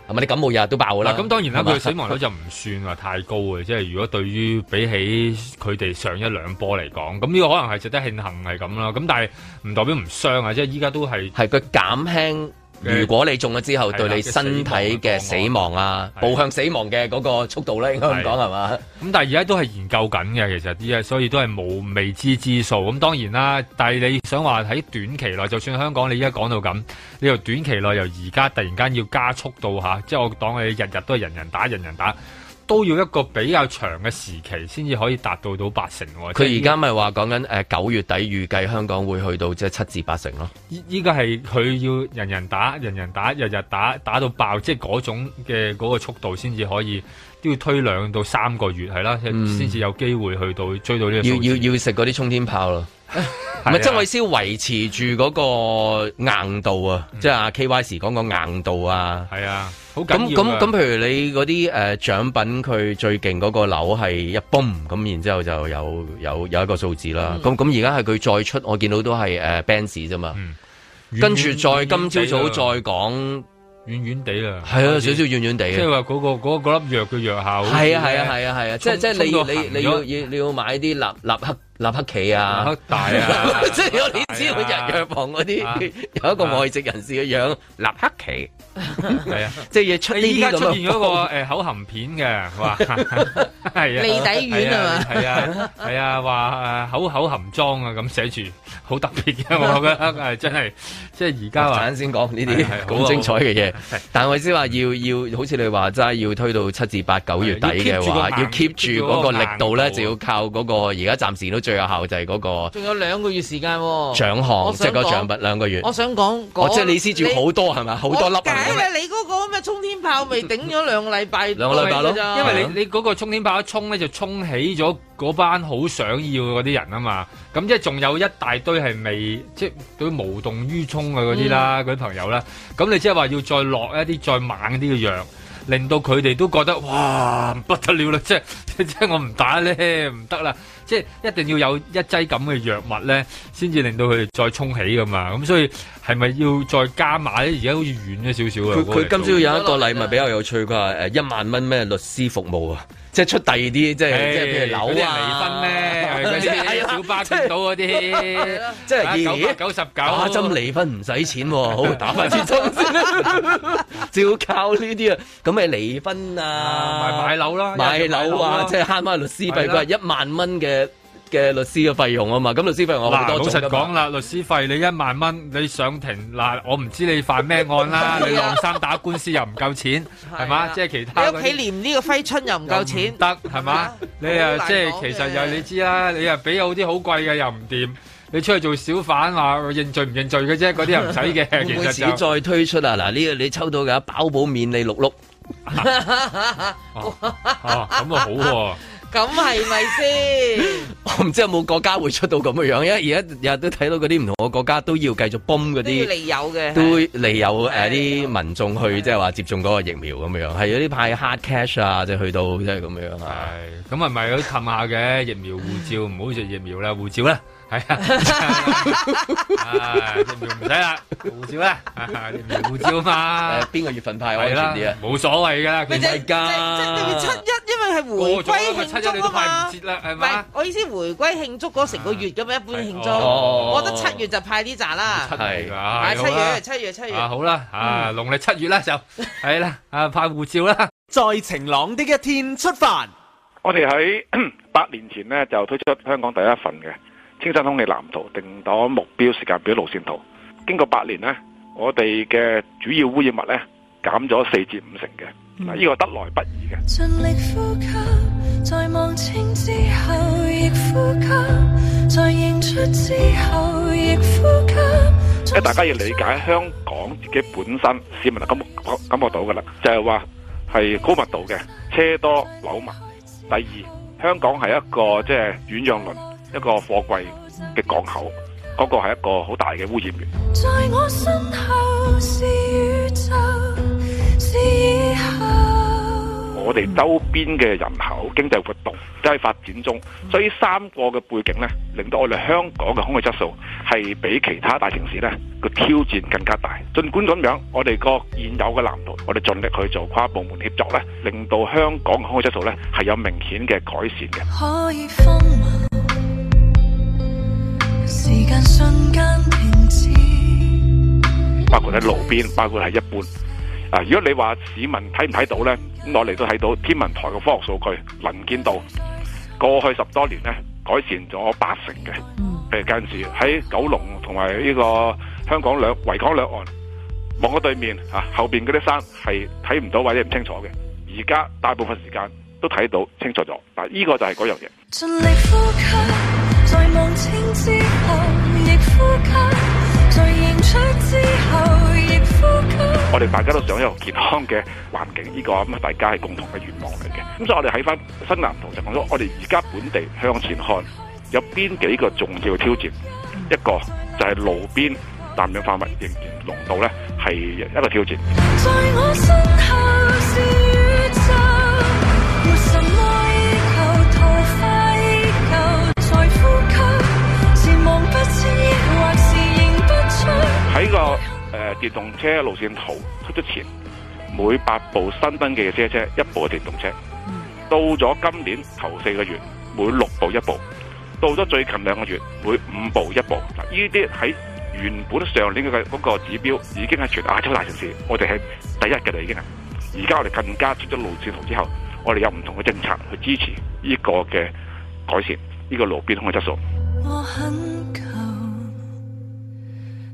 係咪啲感冒日都爆噶啦？咁當然啦，佢死亡率就唔算話太高嘅，即係如果對於比起佢哋上一兩波嚟講，咁呢個可能係值得慶幸係咁啦。咁但係唔代表唔傷啊，即係依家都係係佢減輕。如果你中咗之後，對你身體嘅死亡啊，步向死亡嘅嗰個速度咧，應該咁講係嘛？咁但係而家都係研究緊嘅，其實，所以都係冇未知之數。咁當然啦，但係你想話喺短期內，就算香港你依家講到咁，你度短期內由而家突然間要加速到吓，即係我當你日日都係人人打，人人打。都要一個比較長嘅時期先至可以達到到八成。佢而家咪話講緊誒九月底預計香港會去到即係七至八成咯。依家係佢要人人打、人人打、日日打、打，打到爆，即係嗰種嘅嗰個速度先至可以，都要推兩到三個月係啦，先至、嗯、有機會去到追到呢個要。要要要食嗰啲沖天炮咯，唔係即係我意思維持住嗰個硬度啊，嗯、即係阿 K Y 時講講硬度啊，係啊。咁咁咁，譬如你嗰啲誒獎品，佢最勁嗰個樓係一 boom 咁然之後就有有有一個數字啦。咁咁而家係佢再出，我見到都係誒 benz 啫嘛。呃嗯、遠遠跟住再遠遠今朝早再講遠遠地啦，係啊，是少少遠遠地。即係話嗰個嗰嗰粒藥嘅藥效。係啊係啊係啊係啊！即係即係你你你要你要,你要買啲立立克。立克奇啊，立克大啊，即係我哋知道人樣望嗰啲，有一個外籍人士嘅樣，立克奇係啊，即係出。依家出現嗰個誒口含片嘅話，係啊，利底丸啊嘛，係啊係啊，話口口含裝啊咁寫住，好特別嘅，我覺得係真係，即係而家話先講呢啲好精彩嘅嘢。但係我意思話要要，好似你話齋要推到七至八九月底嘅話，要 keep 住嗰個力度咧，就要靠嗰個而家暫時都。最後是那有效就係嗰個，仲有兩個月時間獎項即係個獎品兩個月。我想講，即、那、係、個 oh, 你思住好多係咪？好你多粒。因為你嗰個咩沖天炮未頂咗兩個禮拜，兩個禮拜咯。因為你你嗰個沖天炮一沖咧，就沖起咗嗰班好想要嗰啲人啊嘛。咁即係仲有一大堆係未，即係嗰啲無動於衷嘅嗰啲啦，嗰啲、嗯、朋友啦。咁你即係話要再落一啲再猛啲嘅藥，令到佢哋都覺得哇不得了啦！即係即係我唔打咧，唔得啦。即係一定要有一劑咁嘅藥物咧，先至令到佢哋再衝起噶嘛。咁所以係咪要再加碼咧？而家好似遠咗少少啦。佢佢今朝有一個禮物比較有趣，佢話一、呃、一萬蚊咩律師服務啊。即係出第二啲，即係即係譬如樓啊，離婚咧，小巴出到嗰啲，即係二九九十九針離婚唔使錢喎，好打翻支針先，照靠呢啲啊，咁咪離婚啊，買樓啦，買樓啊，即係慳埋律師費，嗰一萬蚊嘅。嘅律師嘅費用啊嘛，咁律師費用我話多。老實講啦，律師費你一萬蚊，你上庭嗱，我唔知你犯咩案啦，你晾衫打官司又唔夠錢，係嘛？即係其他。你屋企連呢個揮春又唔夠錢。得係嘛？你啊即係其實又你知啦，你啊俾好啲好貴嘅又唔掂，你出去做小販話認罪，唔認罪嘅啫，嗰啲又唔使嘅。我每次再推出啊，嗱呢個你抽到嘅包保免你六六。哦，咁啊好喎。咁係咪先？是是 <laughs> 我唔知有冇國家會出到咁嘅樣，因為而家日日都睇到嗰啲唔同嘅國家都要繼續泵嗰啲，嚟有嘅，都嚟有誒啲是民眾去即係話接種嗰個疫苗咁樣，係有啲派 hard cash 啊，即、就、係、是、去到即係咁樣啊。係，咁係咪可以氹下嘅 <laughs> 疫苗護照？唔好食疫苗啦，護照啦。係啊，唉，護照唔使啦，護照啦，護照嘛，邊個月份派位啦，冇所謂噶，咪就係家，即係七月七一，因為係回歸慶祝啊嘛，唔係，我意思回歸慶祝嗰成個月咁樣一般慶祝，我覺得七月就派呢扎啦，係啊，派七月七月七月，好啦，啊，農曆七月啦就係啦，啊派護照啦，在晴朗的一天出發，我哋喺八年前咧就推出香港第一份嘅。清新空氣藍圖定咗目標時間表路線圖，經過八年咧，我哋嘅主要污染物咧減咗四至五成嘅，嗱呢個得來不易嘅。盡力呼吸，在望清之後亦呼吸，在認出之後亦呼吸。誒，大家要理解香港自己本身市民啦，感覺感覺到噶啦，就係話係高密度嘅車多樓密。第二，香港係一個即係遠洋輪。一個貨櫃嘅港口，嗰個係一個好大嘅污染源。我哋周邊嘅人口、經濟活動都喺發展中，所以三個嘅背景呢，令到我哋香港嘅空氣質素係比其他大城市呢個挑戰更加大。盡管咁樣，我哋個現有嘅藍圖，我哋盡力去做跨部門協作呢，令到香港嘅空氣質素呢係有明顯嘅改善嘅。包括喺路邊，包括係一般。啊，如果你話市民睇唔睇到呢，我哋都睇到天文台嘅科學數據，能見到過去十多年呢改善咗八成嘅。譬如近時喺九龍同埋呢個香港兩維港兩岸望咗對面啊，後邊嗰啲山係睇唔到或者唔清楚嘅，而家大部分時間都睇到清楚咗。但呢個就係嗰樣嘢。我哋大家都想有健康嘅環境，呢、呢個咁大家係共同嘅願望嚟嘅。咁所以我們在，我哋喺翻新南圖就講咗，我哋而家本地向前看，有邊幾個重要嘅挑戰？一個就係路邊氮氧化物仍然濃度咧，係一個挑戰。喺個誒、呃、電動車路線圖出咗前，每八部新登記嘅車車，一部嘅電動車，嗯、到咗今年頭四個月，每六部一部；到咗最近兩個月，每五部一部。嗱，呢啲喺原本上年嘅嗰個指標，已經係全亞洲大城市，我哋係第一嘅啦，已經啦。而家我哋更加出咗路線圖之後，我哋有唔同嘅政策去支持呢個嘅改善，呢、這個路邊通嘅質素。我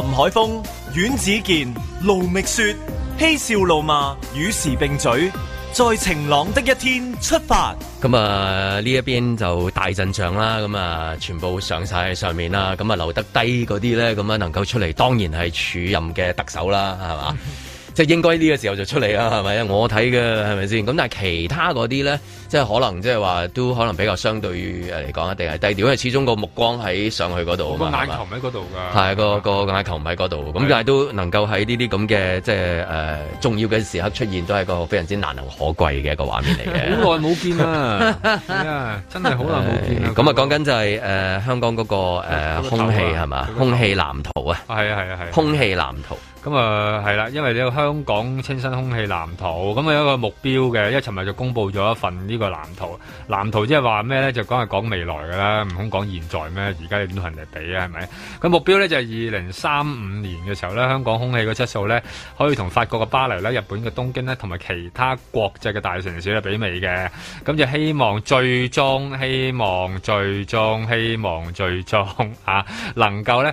林海峰、阮子健、盧覓雪、嬉笑怒罵、與時並嘴，在晴朗的一天出發。咁啊呢一邊就大陣仗啦，咁啊全部上晒上面啦，咁啊留得低嗰啲咧，咁樣能夠出嚟，當然係處任嘅特首啦，係嘛。 <laughs> 即係應該呢個時候就出嚟啦，係咪啊？我睇嘅係咪先？咁但係其他嗰啲咧，即係可能即係話都可能比較相對於嚟講一定係低調，因為始終個目光喺上去嗰度嘛。眼球喺嗰度㗎。係個個眼球唔喺嗰度，咁吧但係都能夠喺呢啲咁嘅即係誒重要嘅時刻出現，都係個非常之難能可貴嘅一個畫面嚟嘅。好耐冇見啦 <laughs> 真係好耐冇見咁啊，講緊就係誒香港嗰個空氣係嘛？空氣藍圖啊！係啊係啊係！啊空氣藍圖。咁啊，係啦、嗯，因為呢個香港清新空氣藍圖，咁啊有一個目標嘅，一尋日就公布咗一份呢個藍圖。藍圖即係話咩呢？就講係講未來噶啦，唔通講現在咩？而家你點同人哋比啊？係咪？咁目標呢，就係二零三五年嘅時候呢，香港空氣嘅質素呢，可以同法國嘅巴黎咧、日本嘅東京呢，同埋其他國際嘅大城市咧比美嘅。咁就希望最終希望最終希望最終啊，能夠呢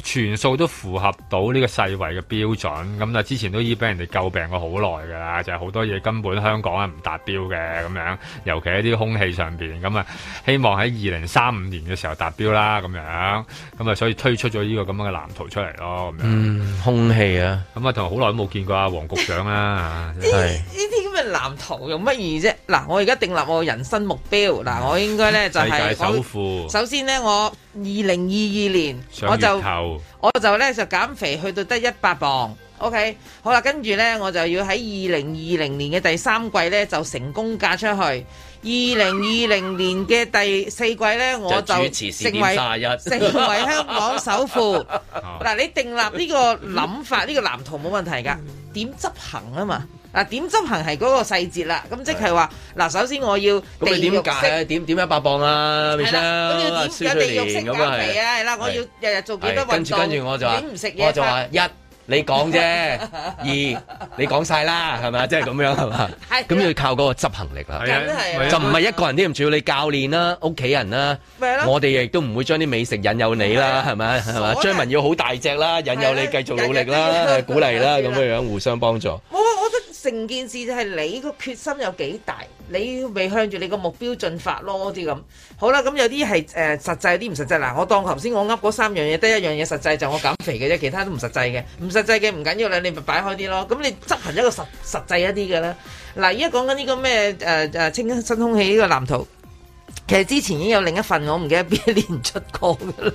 全數都符合到呢個世衛嘅標準，咁啊之前都已經俾人哋詬病過好耐噶啦，就係好多嘢根本香港係唔達標嘅咁樣，尤其係啲空氣上邊，咁啊希望喺二零三五年嘅時候達標啦，咁樣，咁啊所以推出咗呢個咁樣嘅藍圖出嚟咯，嗯，空氣啊，咁啊同好耐都冇見過阿黃局長啦，係。 <laughs> 藍圖用乜嘢啫？嗱，我而家訂立我人生目標。嗱，我應該呢就係、是、首富。首先呢，我二零二二年我就我就呢就減肥，去到得一百磅。OK，好啦，跟住呢，我就要喺二零二零年嘅第三季呢就成功嫁出去。二零二零年嘅第四季呢，我就成為就 <laughs> 成為香港首富。嗱好，你訂立呢個諗法，呢 <laughs> 個藍圖冇問題噶。點、嗯、執行啊？嘛？嗱，點執行係嗰個細節啦，咁即係話嗱，首先我要咁你式點點一百磅啦，係啦，咁要點有地獄式啊，係啦，我要日日做幾多運動，頂唔食嘢，我就話一你講啫，二你講晒啦，係咪啊？即係咁樣係嘛？係，咁要靠嗰個執行力啦，就唔係一個人啲，唔主要你教練啦，屋企人啦，我哋亦都唔會將啲美食引誘你啦，係咪啊？係嘛，張文要好大隻啦，引誘你繼續努力啦，鼓勵啦，咁嘅樣互相幫助。我成件事就係你個決心有幾大，你未向住你個目標進發咯，啲咁。好啦，咁有啲係誒實際，有啲唔實際嗱。我當頭先我噏嗰三樣嘢，得一樣嘢實際，就我減肥嘅啫，其他都唔實際嘅。唔實際嘅唔緊要啦，你咪擺開啲咯。咁你執行一個實實際一啲嘅啦。嗱，而家講緊呢個咩誒誒清新空氣呢個藍圖，其實之前已經有另一份，我唔記得邊一年出過噶啦。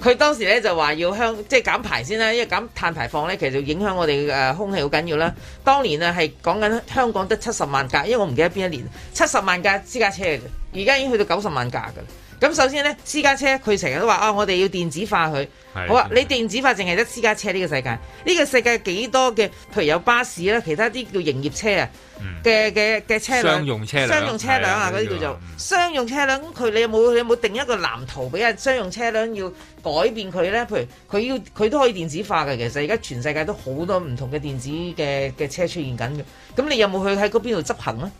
佢當時咧就話要香即係減排先啦，因為減碳排放咧其實就影響我哋嘅空氣好緊要啦。當年啊係講緊香港得七十萬架，因為我唔記得邊一年，七十萬架私家車嚟嘅，而家已經去到九十萬架㗎。咁首先咧，私家車佢成日都話啊，我哋要電子化佢。的好啊，你電子化淨係得私家車呢個世界？呢、這個世界幾多嘅？譬如有巴士啦，其他啲叫營業車啊嘅嘅嘅車輛，商用車商用車輛啊，嗰啲的叫做、嗯、商用車輛。佢你有冇有冇定一個藍圖俾人？商用車輛要改變佢咧，譬如佢要佢都可以電子化嘅。其實而家全世界都好多唔同嘅電子嘅嘅車出現緊嘅。咁你有冇去喺嗰邊度執行咧？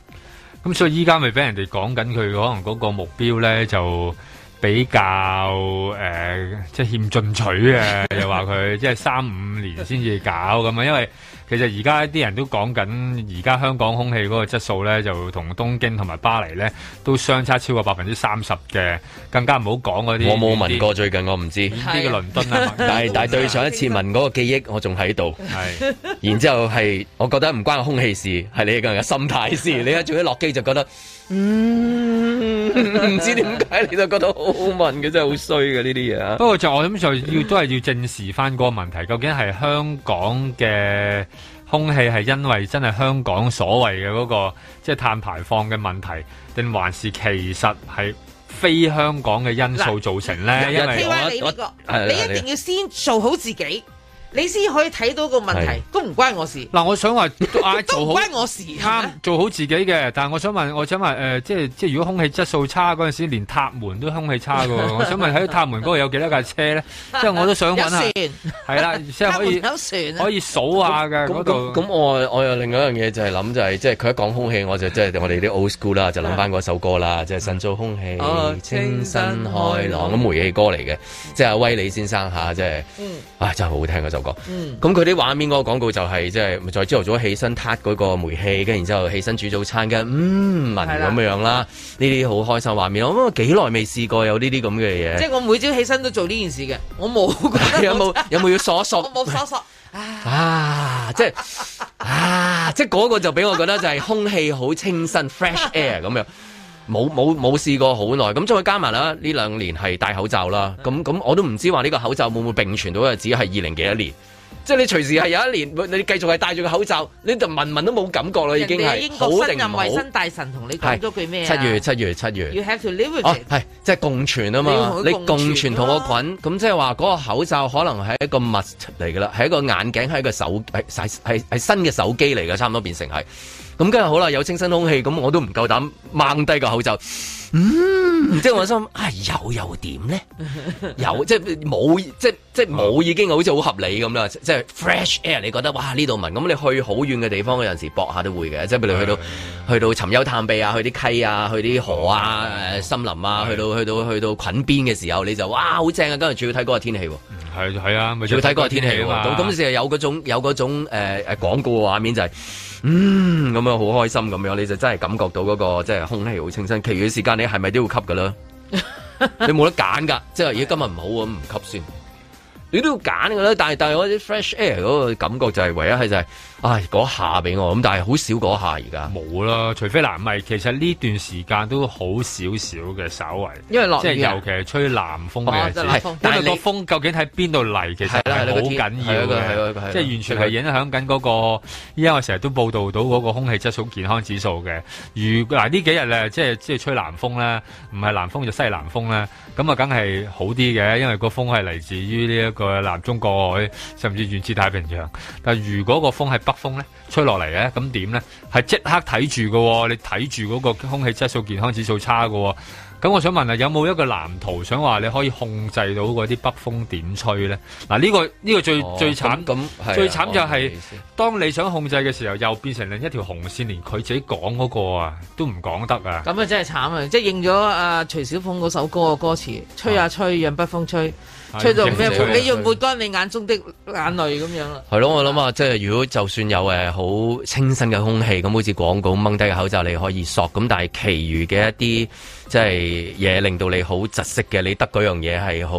咁、嗯、所以依家咪俾人哋講緊佢可能嗰個目標咧就比較誒、呃，即係欠進取啊！又話佢即係三五年先至搞咁啊，因為。其實而家啲人都講緊，而家香港空氣嗰個質素咧，就同東京同埋巴黎咧都相差超過百分之三十嘅，更加唔好講嗰啲。我冇聞過最近我，我唔知。啲、嗯呢個倫敦啊， <laughs> 但係但係對上一次聞嗰個記憶我，我仲喺度。係，然之後係，我覺得唔關空氣事，係你個人嘅心態事。你一做屘，落機就覺得。嗯，唔知點解你就覺得好悶嘅，真係好衰嘅呢啲嘢。不過就我諗就要都係要正視翻個問題，究竟係香港嘅空氣係因為真係香港所謂嘅嗰個即係碳排放嘅問題，定還是其實係非香港嘅因素造成咧？因為我你一定要先做好自己。你先可以睇到個問題，都唔關我事。嗱，我想話都唔關我事，做好自己嘅。但係我想問，我想問誒，即係即係，如果空氣質素差嗰陣時，連塔門都空氣差嘅。我想問喺塔門嗰度有幾多架車咧？即係我都想搵下，係啦，即係可以可以數下嘅嗰度。咁我我又另外一樣嘢就係諗就係，即係佢一講空氣，我就即係我哋啲 old school 啦，就諗翻嗰首歌啦，即係《神造空氣清新海浪》咁煤氣歌嚟嘅，即係阿威利先生吓，即係，哇，真係好好聽嗰首。嗯，咁佢啲畫面嗰個廣告就係即係在朝頭早起身撻嗰個煤氣，跟然之後起身煮早餐，跟嗯聞咁樣啦，呢啲好開心畫面。我諗幾耐未試過有呢啲咁嘅嘢。即係我每朝起身都做呢件事嘅，我冇覺得有冇有冇要鎖鎖。我冇鎖鎖。啊，即係啊，即係嗰個就俾我覺得就係空氣好清新 <laughs> ，fresh air 咁樣。冇冇冇試過好耐，咁再加埋啦。呢兩年係戴口罩啦，咁咁我都唔知話呢個口罩會唔會並存到日子係二零幾一年，即係你隨時係有一年你繼續係戴住個口罩，你就聞聞都冇感覺啦，已經係。人哋英國新任衞生大臣同你講咗句咩？七月七月七月。要 have to live with、啊。哦，係即係共存啊嘛！你共，嘛你共存同我菌，咁即係話嗰個口罩可能係一個物嚟噶啦，係一個眼鏡，係一個手係係新嘅手機嚟噶，差唔多變成係。咁梗係好啦，有清新空氣，咁我都唔夠膽掹低個口罩。嗯， <laughs> 即係我心啊，有又點咧？有即係冇，即係即係冇已經，好似好合理咁啦。即係 fresh air，你覺得哇呢度聞？咁你去好遠嘅地方有陣時，搏下都會嘅。即係譬如去到的去到尋幽探秘啊，去啲溪啊，去啲河啊，森林啊，去到去到去到羣邊嘅時候，你就哇好正啊！今日仲要睇嗰個天氣喎。係係啊，仲要睇嗰個天氣喎。天氣嘛。咁於是有嗰種有嗰種誒誒、呃、廣告嘅畫面就係、是。嗯，咁樣好開心咁樣，你就真係感覺到嗰、嗰個即係空氣好清新。其餘嘅時間你係咪都要吸噶啦？ <laughs> 你冇得揀噶，即係如果今日唔好咁，唔吸先。你都要揀噶啦，但係但係我啲 fresh air 嗰個感覺就係、係、唯一係就係、係。唉，嗰下俾我咁，但係好少嗰下而家。冇啦，除非嗱，唔係，其實呢段時間都好少少嘅，稍微。因為落雨、啊，即係尤其係吹南風嘅，係、哦。因為個風究竟喺邊度嚟，其實係好緊要嘅，即係完全係影響緊嗰個。而家我成日都報道到嗰個空氣質素健康指數嘅。如嗱呢幾日咧，即係即係吹南風咧，唔係南風就西南風咧，咁啊，梗係好啲嘅，因為個風係嚟自於呢一個南中國海，甚至遠至太平洋。但係如果個風係。北風咧吹落嚟咧，咁點咧？係即刻睇住㗎喎。你睇住嗰個空氣質素、健康指數差㗎喎、哦。咁我想問下，有冇一個藍圖，想話你可以控制到嗰啲北風點吹呢？嗱、啊，呢、這個呢、這個最、哦、最慘，嗯、最慘就係、是哦、當你想控制嘅時候，又變成另一條紅線，連佢自己講嗰個啊都唔講得啊！咁啊，真係慘啊！即係應咗啊徐小鳳嗰首歌嘅歌詞，吹啊吹，啊讓北風吹，啊、吹到咩？吹啊、吹你要抹乾你眼中的眼淚咁樣啦。係咯，我諗啊，即係如果就算有誒好清新嘅空氣，咁好似廣告掹低嘅口罩，你可以索咁，但係其餘嘅一啲。即係嘢令到你好窒息嘅，你得嗰樣嘢係好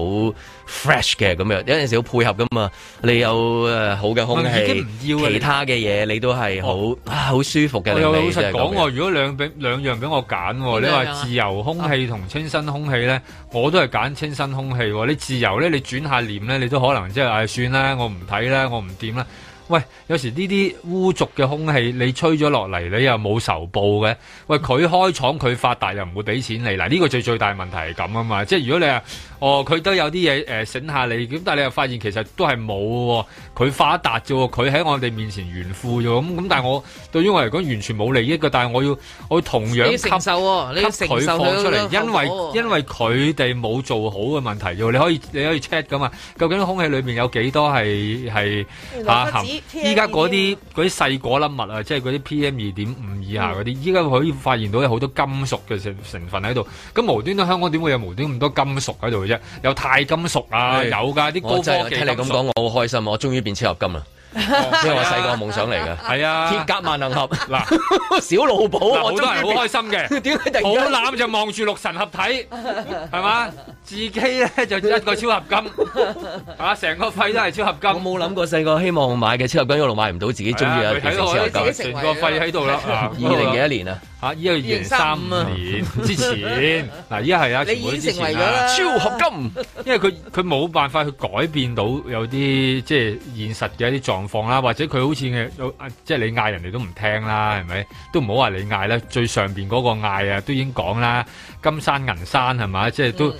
fresh 嘅咁樣，有陣時好配合噶嘛。你有誒好嘅空氣，唔要其他嘅嘢你都係好好舒服嘅。我有老實講喎，如果兩比兩樣俾我揀，我你話自由空氣同清新空氣咧，我都係揀清新空氣。你自由咧，你轉下念咧，你都可能即係唉算啦，我唔睇啦，我唔掂啦。喂，有時呢啲污濁嘅空氣你吹咗落嚟，你又冇仇報嘅。喂，佢開廠佢發達，又唔會俾錢你，嗱，呢個最最大問題係咁啊嘛。即係如果你哦，佢都有啲嘢誒醒下你，咁但係你又發現其實都係冇喎，佢發達笪啫，佢喺我哋面前炫富啫咁，咁但係我對於我嚟講完全冇利益嘅，但係我要我要同樣吸收喎，你要承受佢、啊、放出嚟，因為因為佢哋冇做好嘅問題啫。你可以你可以 check 噶嘛，究竟空氣裏面有幾多係係含？依家嗰啲嗰啲細顆粒物啊，即係嗰啲 PM 二點五以下嗰啲，依家、嗯、可以發現到有好多金屬嘅成成分喺度，咁無端端香港點會有無端咁多金屬喺度？有鈦金屬啊，有噶啲高科技，我真係聽你咁講，我好開心，我終於變超合金啦！因為我細個夢想嚟嘅。係啊，鐵甲萬能俠嗱，小老保。我都係好開心嘅。點解突然間好攬就望住六神合體，係嘛？自己咧就一個超合金，啊，成個廢都係超合金。我冇諗過細個希望買嘅超合金，一路買唔到自己中意嘅，平時成個廢喺度啦。二零幾一年啊？嚇！二零三五年之前，嗱依家係啊，已經成為咗超合金， <laughs> 因為佢佢冇辦法去改變到有啲即係現實嘅一啲狀況啦，或者佢好似即係你嗌人哋都唔聽啦，係咪？ <laughs> 都唔好話你嗌啦，最上面嗰個嗌啊，都已經講啦，金山銀山係咪？即係、就是、都。嗯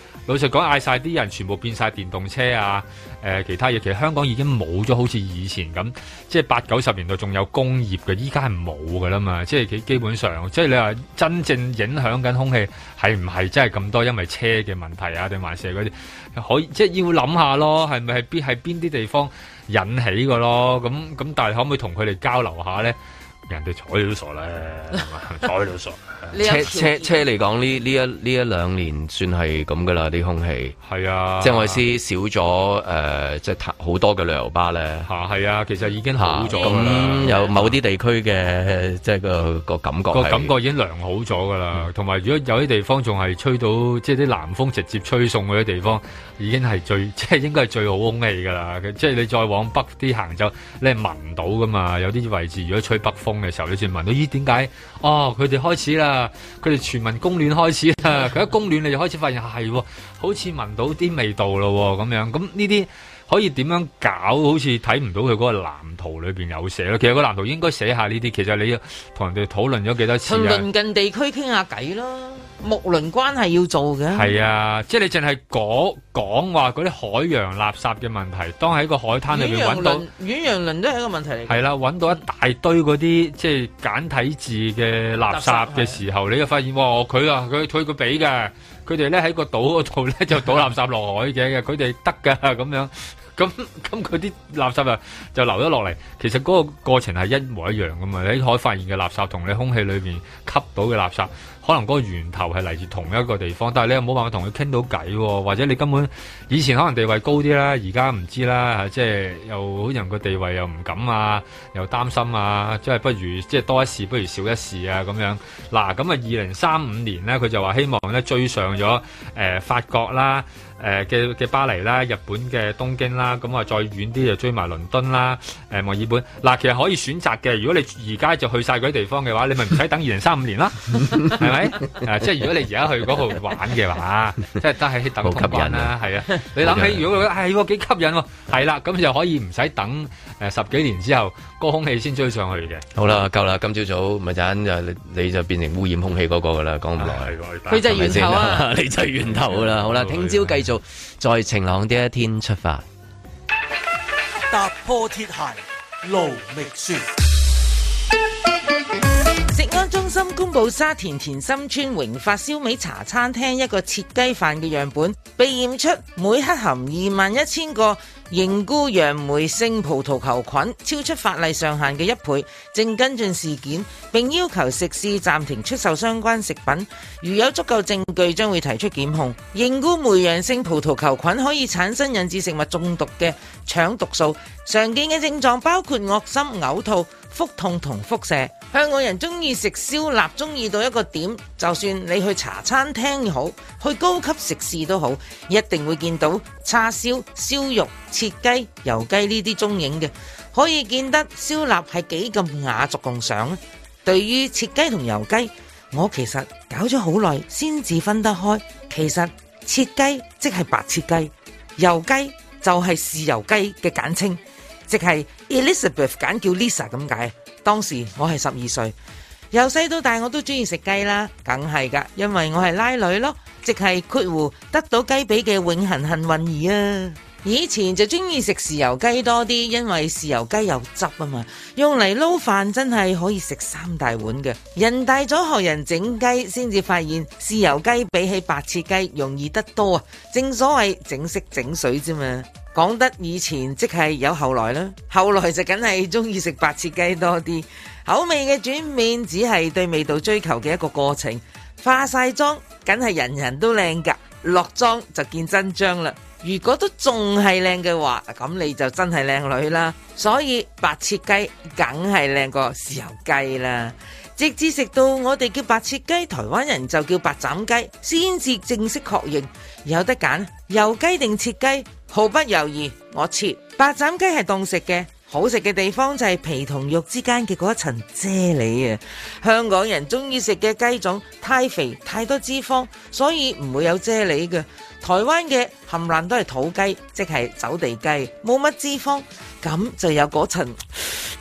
老實講，嗌晒啲人全部變晒電動車啊，誒、呃，其他嘢，其實香港已經冇咗好似以前咁，即係八九十年代仲有工業嘅，依家係冇噶啦嘛，即係基本上，即係你話真正影響緊空氣係唔係真係咁多，因為車嘅問題啊，定還是嗰啲，可以即係要諗下咯，係咪係邊係邊啲地方引起噶咯？咁咁，但係可唔可以同佢哋交流下呢？人哋坐到傻咧， <laughs> 坐嘛？到傻車。車車車嚟講，呢呢一呢一,一兩年算係咁噶啦，啲空氣。係啊，即係我意思少咗，誒、呃，即係好多嘅旅遊巴咧。嚇係啊，啊，其實已經好咗啦。咁、啊嗯啊、有某啲地區嘅，即係個、嗯、個感覺。嗯那個感覺已經良好咗噶啦，同埋如果有啲地方仲係吹到，即係啲南風直接吹送嗰啲地方。已經係最即係應該係最好空氣㗎啦！即係你再往北啲行就你係聞到噶嘛？有啲位置如果吹北風嘅時候，你先聞到咦？點解？哦，佢哋開始啦！佢哋全民供暖開始啦！佢一供暖，你就開始發現係喎、哎，好似聞到啲味道咯喎咁樣。咁呢啲可以點樣搞？好似睇唔到佢嗰個藍圖裏面有寫咯。其實個藍圖應該寫下呢啲。其實你要同人哋討論咗幾多次、啊？鄰近地區傾下偈啦。木輪關係要做嘅，係啊，即係你淨係講講話嗰啲海洋垃圾嘅問題，當喺個海灘裏邊揾到，遠洋輪都係一個問題嚟，係啦，啊，揾到一大堆嗰啲即係簡體字嘅垃圾嘅時候，你就發現哇，佢啊佢推佢俾嘅，佢哋咧喺個島度咧就倒垃圾落海嘅，佢哋得嘅咁樣，咁咁佢啲垃圾啊就流咗落嚟，其實嗰個過程係一模一樣噶嘛，你海發現嘅垃圾同你空氣裏邊吸到嘅垃圾。可能嗰個源頭係嚟自同一個地方，但係你又冇辦法同佢傾到偈，或者你根本以前可能地位高啲啦，而家唔知啦，即係又好人個地位又唔敢啊，又擔心啊，即係不如即係多一事不如少一事啊咁樣。嗱、啊，咁啊二零三五年呢，佢就話希望咧追上咗誒、呃、法國啦、誒嘅嘅巴黎啦、日本嘅東京啦，咁啊再遠啲就追埋倫敦啦、誒、呃、墨爾本。嗱、啊，其實可以選擇嘅，如果你而家就去晒嗰啲地方嘅話，你咪唔使等二零三五年啦。 <laughs> 係， <laughs> <laughs> 即係如果你而家去嗰度玩嘅話， <laughs> 即係都係等吸引啦，係啊。 <laughs> 你諗起 <laughs> 如果係喎，幾、哎、吸引喎、啊，係啦、啊，咁就可以唔使等誒十幾年之後，嗰空氣先追上去嘅。好啦，夠啦，今朝早咪就你,你就變成污染空氣嗰個噶啦，講唔耐。佢、 <laughs> 啊啊、就係源頭啦， <laughs> <laughs> 你就係源頭啦。好啦，聽朝繼續在晴朗的一天出發，踏破鐵鞋路未絕，安今公佈沙田田心村榮發燒味茶餐廳一個切雞飯嘅樣本，被驗出每克含二萬一千個凝固酶陽性葡萄球菌，超出法例上限嘅一倍。正跟進事件，並要求食肆暫停出售相關食品。如有足夠證據，將會提出檢控。凝固酶陽性葡萄球菌可以產生引致食物中毒嘅腸毒素，常見嘅症狀包括惡心、嘔吐、腹痛同腹瀉。香港人中意食燒臘，中意到一個點，就算你去茶餐廳也好，去高級食肆都好，一定會見到叉燒、燒肉、切雞、油雞呢啲蹤影嘅，可以見得燒臘係幾咁雅俗共賞呢？對於切雞同油雞，我其實搞咗好耐先至分得開。其實切雞即係白切雞，油雞就係豉油雞嘅簡稱，即係 Elizabeth 簡叫 Lisa 咁解。當時我係十二歲，由細到大我都鍾意食雞啦，梗係㗎，因為我係拉女咯，即係括弧得到雞髀嘅永恆幸運兒啊！以前就中意食豉油雞多啲，因為豉油雞有汁啊嘛，用嚟撈飯真係可以食三大碗嘅。人大咗學人整雞，先至發現豉油雞比起白切雞容易得多啊！正所謂整色整水啫嘛，講得以前即係有後來啦，後來就梗係中意食白切雞多啲。口味嘅轉變只係對味道追求嘅一個過程。化晒妝，梗係人人都靚噶，落妝就見真章啦。如果都仲係靚嘅話，咁你就真係靚女啦。所以白切雞梗係靚過豉油雞啦。直至食到我哋叫白切雞，台灣人就叫白斬雞，先至正式確認有得揀，油雞定切雞，毫不猶豫。我切白斬雞係凍食嘅，好食嘅地方就係皮同肉之間嘅嗰一層啫喱啊！香港人中意食嘅雞種太肥太多脂肪，所以唔會有啫喱嘅。台灣嘅冚唪唥都係土雞，即係走地雞，冇乜脂肪，咁就有嗰層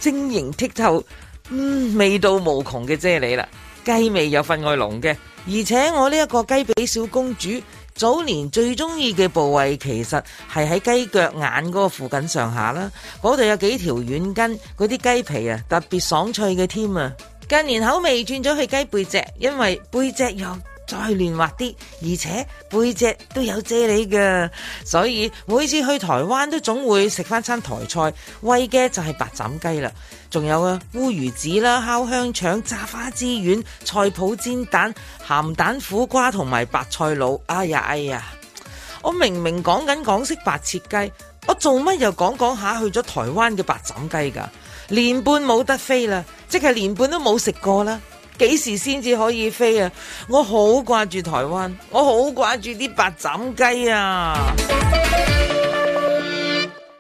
晶瑩剔透、嗯味道無窮嘅啫喱啦。雞味有分外濃嘅，而且我呢一個雞髀小公主早年最中意嘅部位，其實係喺雞腳眼嗰個附近上下啦。嗰度有幾條軟筋，嗰啲雞皮啊特別爽脆嘅添啊！近年口味轉咗去雞背脊，因為背脊肉。再嫩滑啲，而且背脊都有啫喱噶，所以每次去台灣都總會食翻餐台菜，喂嘅就係白斬雞啦。仲有啊烏魚子啦、烤香腸、炸花枝丸、菜脯煎蛋、鹹蛋苦瓜同埋白菜滷。哎呀哎呀，我明明講緊港式白切雞，我做乜又講講下去咗台灣嘅白斬雞噶？年半冇得飛啦，即係年半都冇食過啦。幾時先至可以飛啊？我好掛住台灣，我好掛住啲白斬雞啊！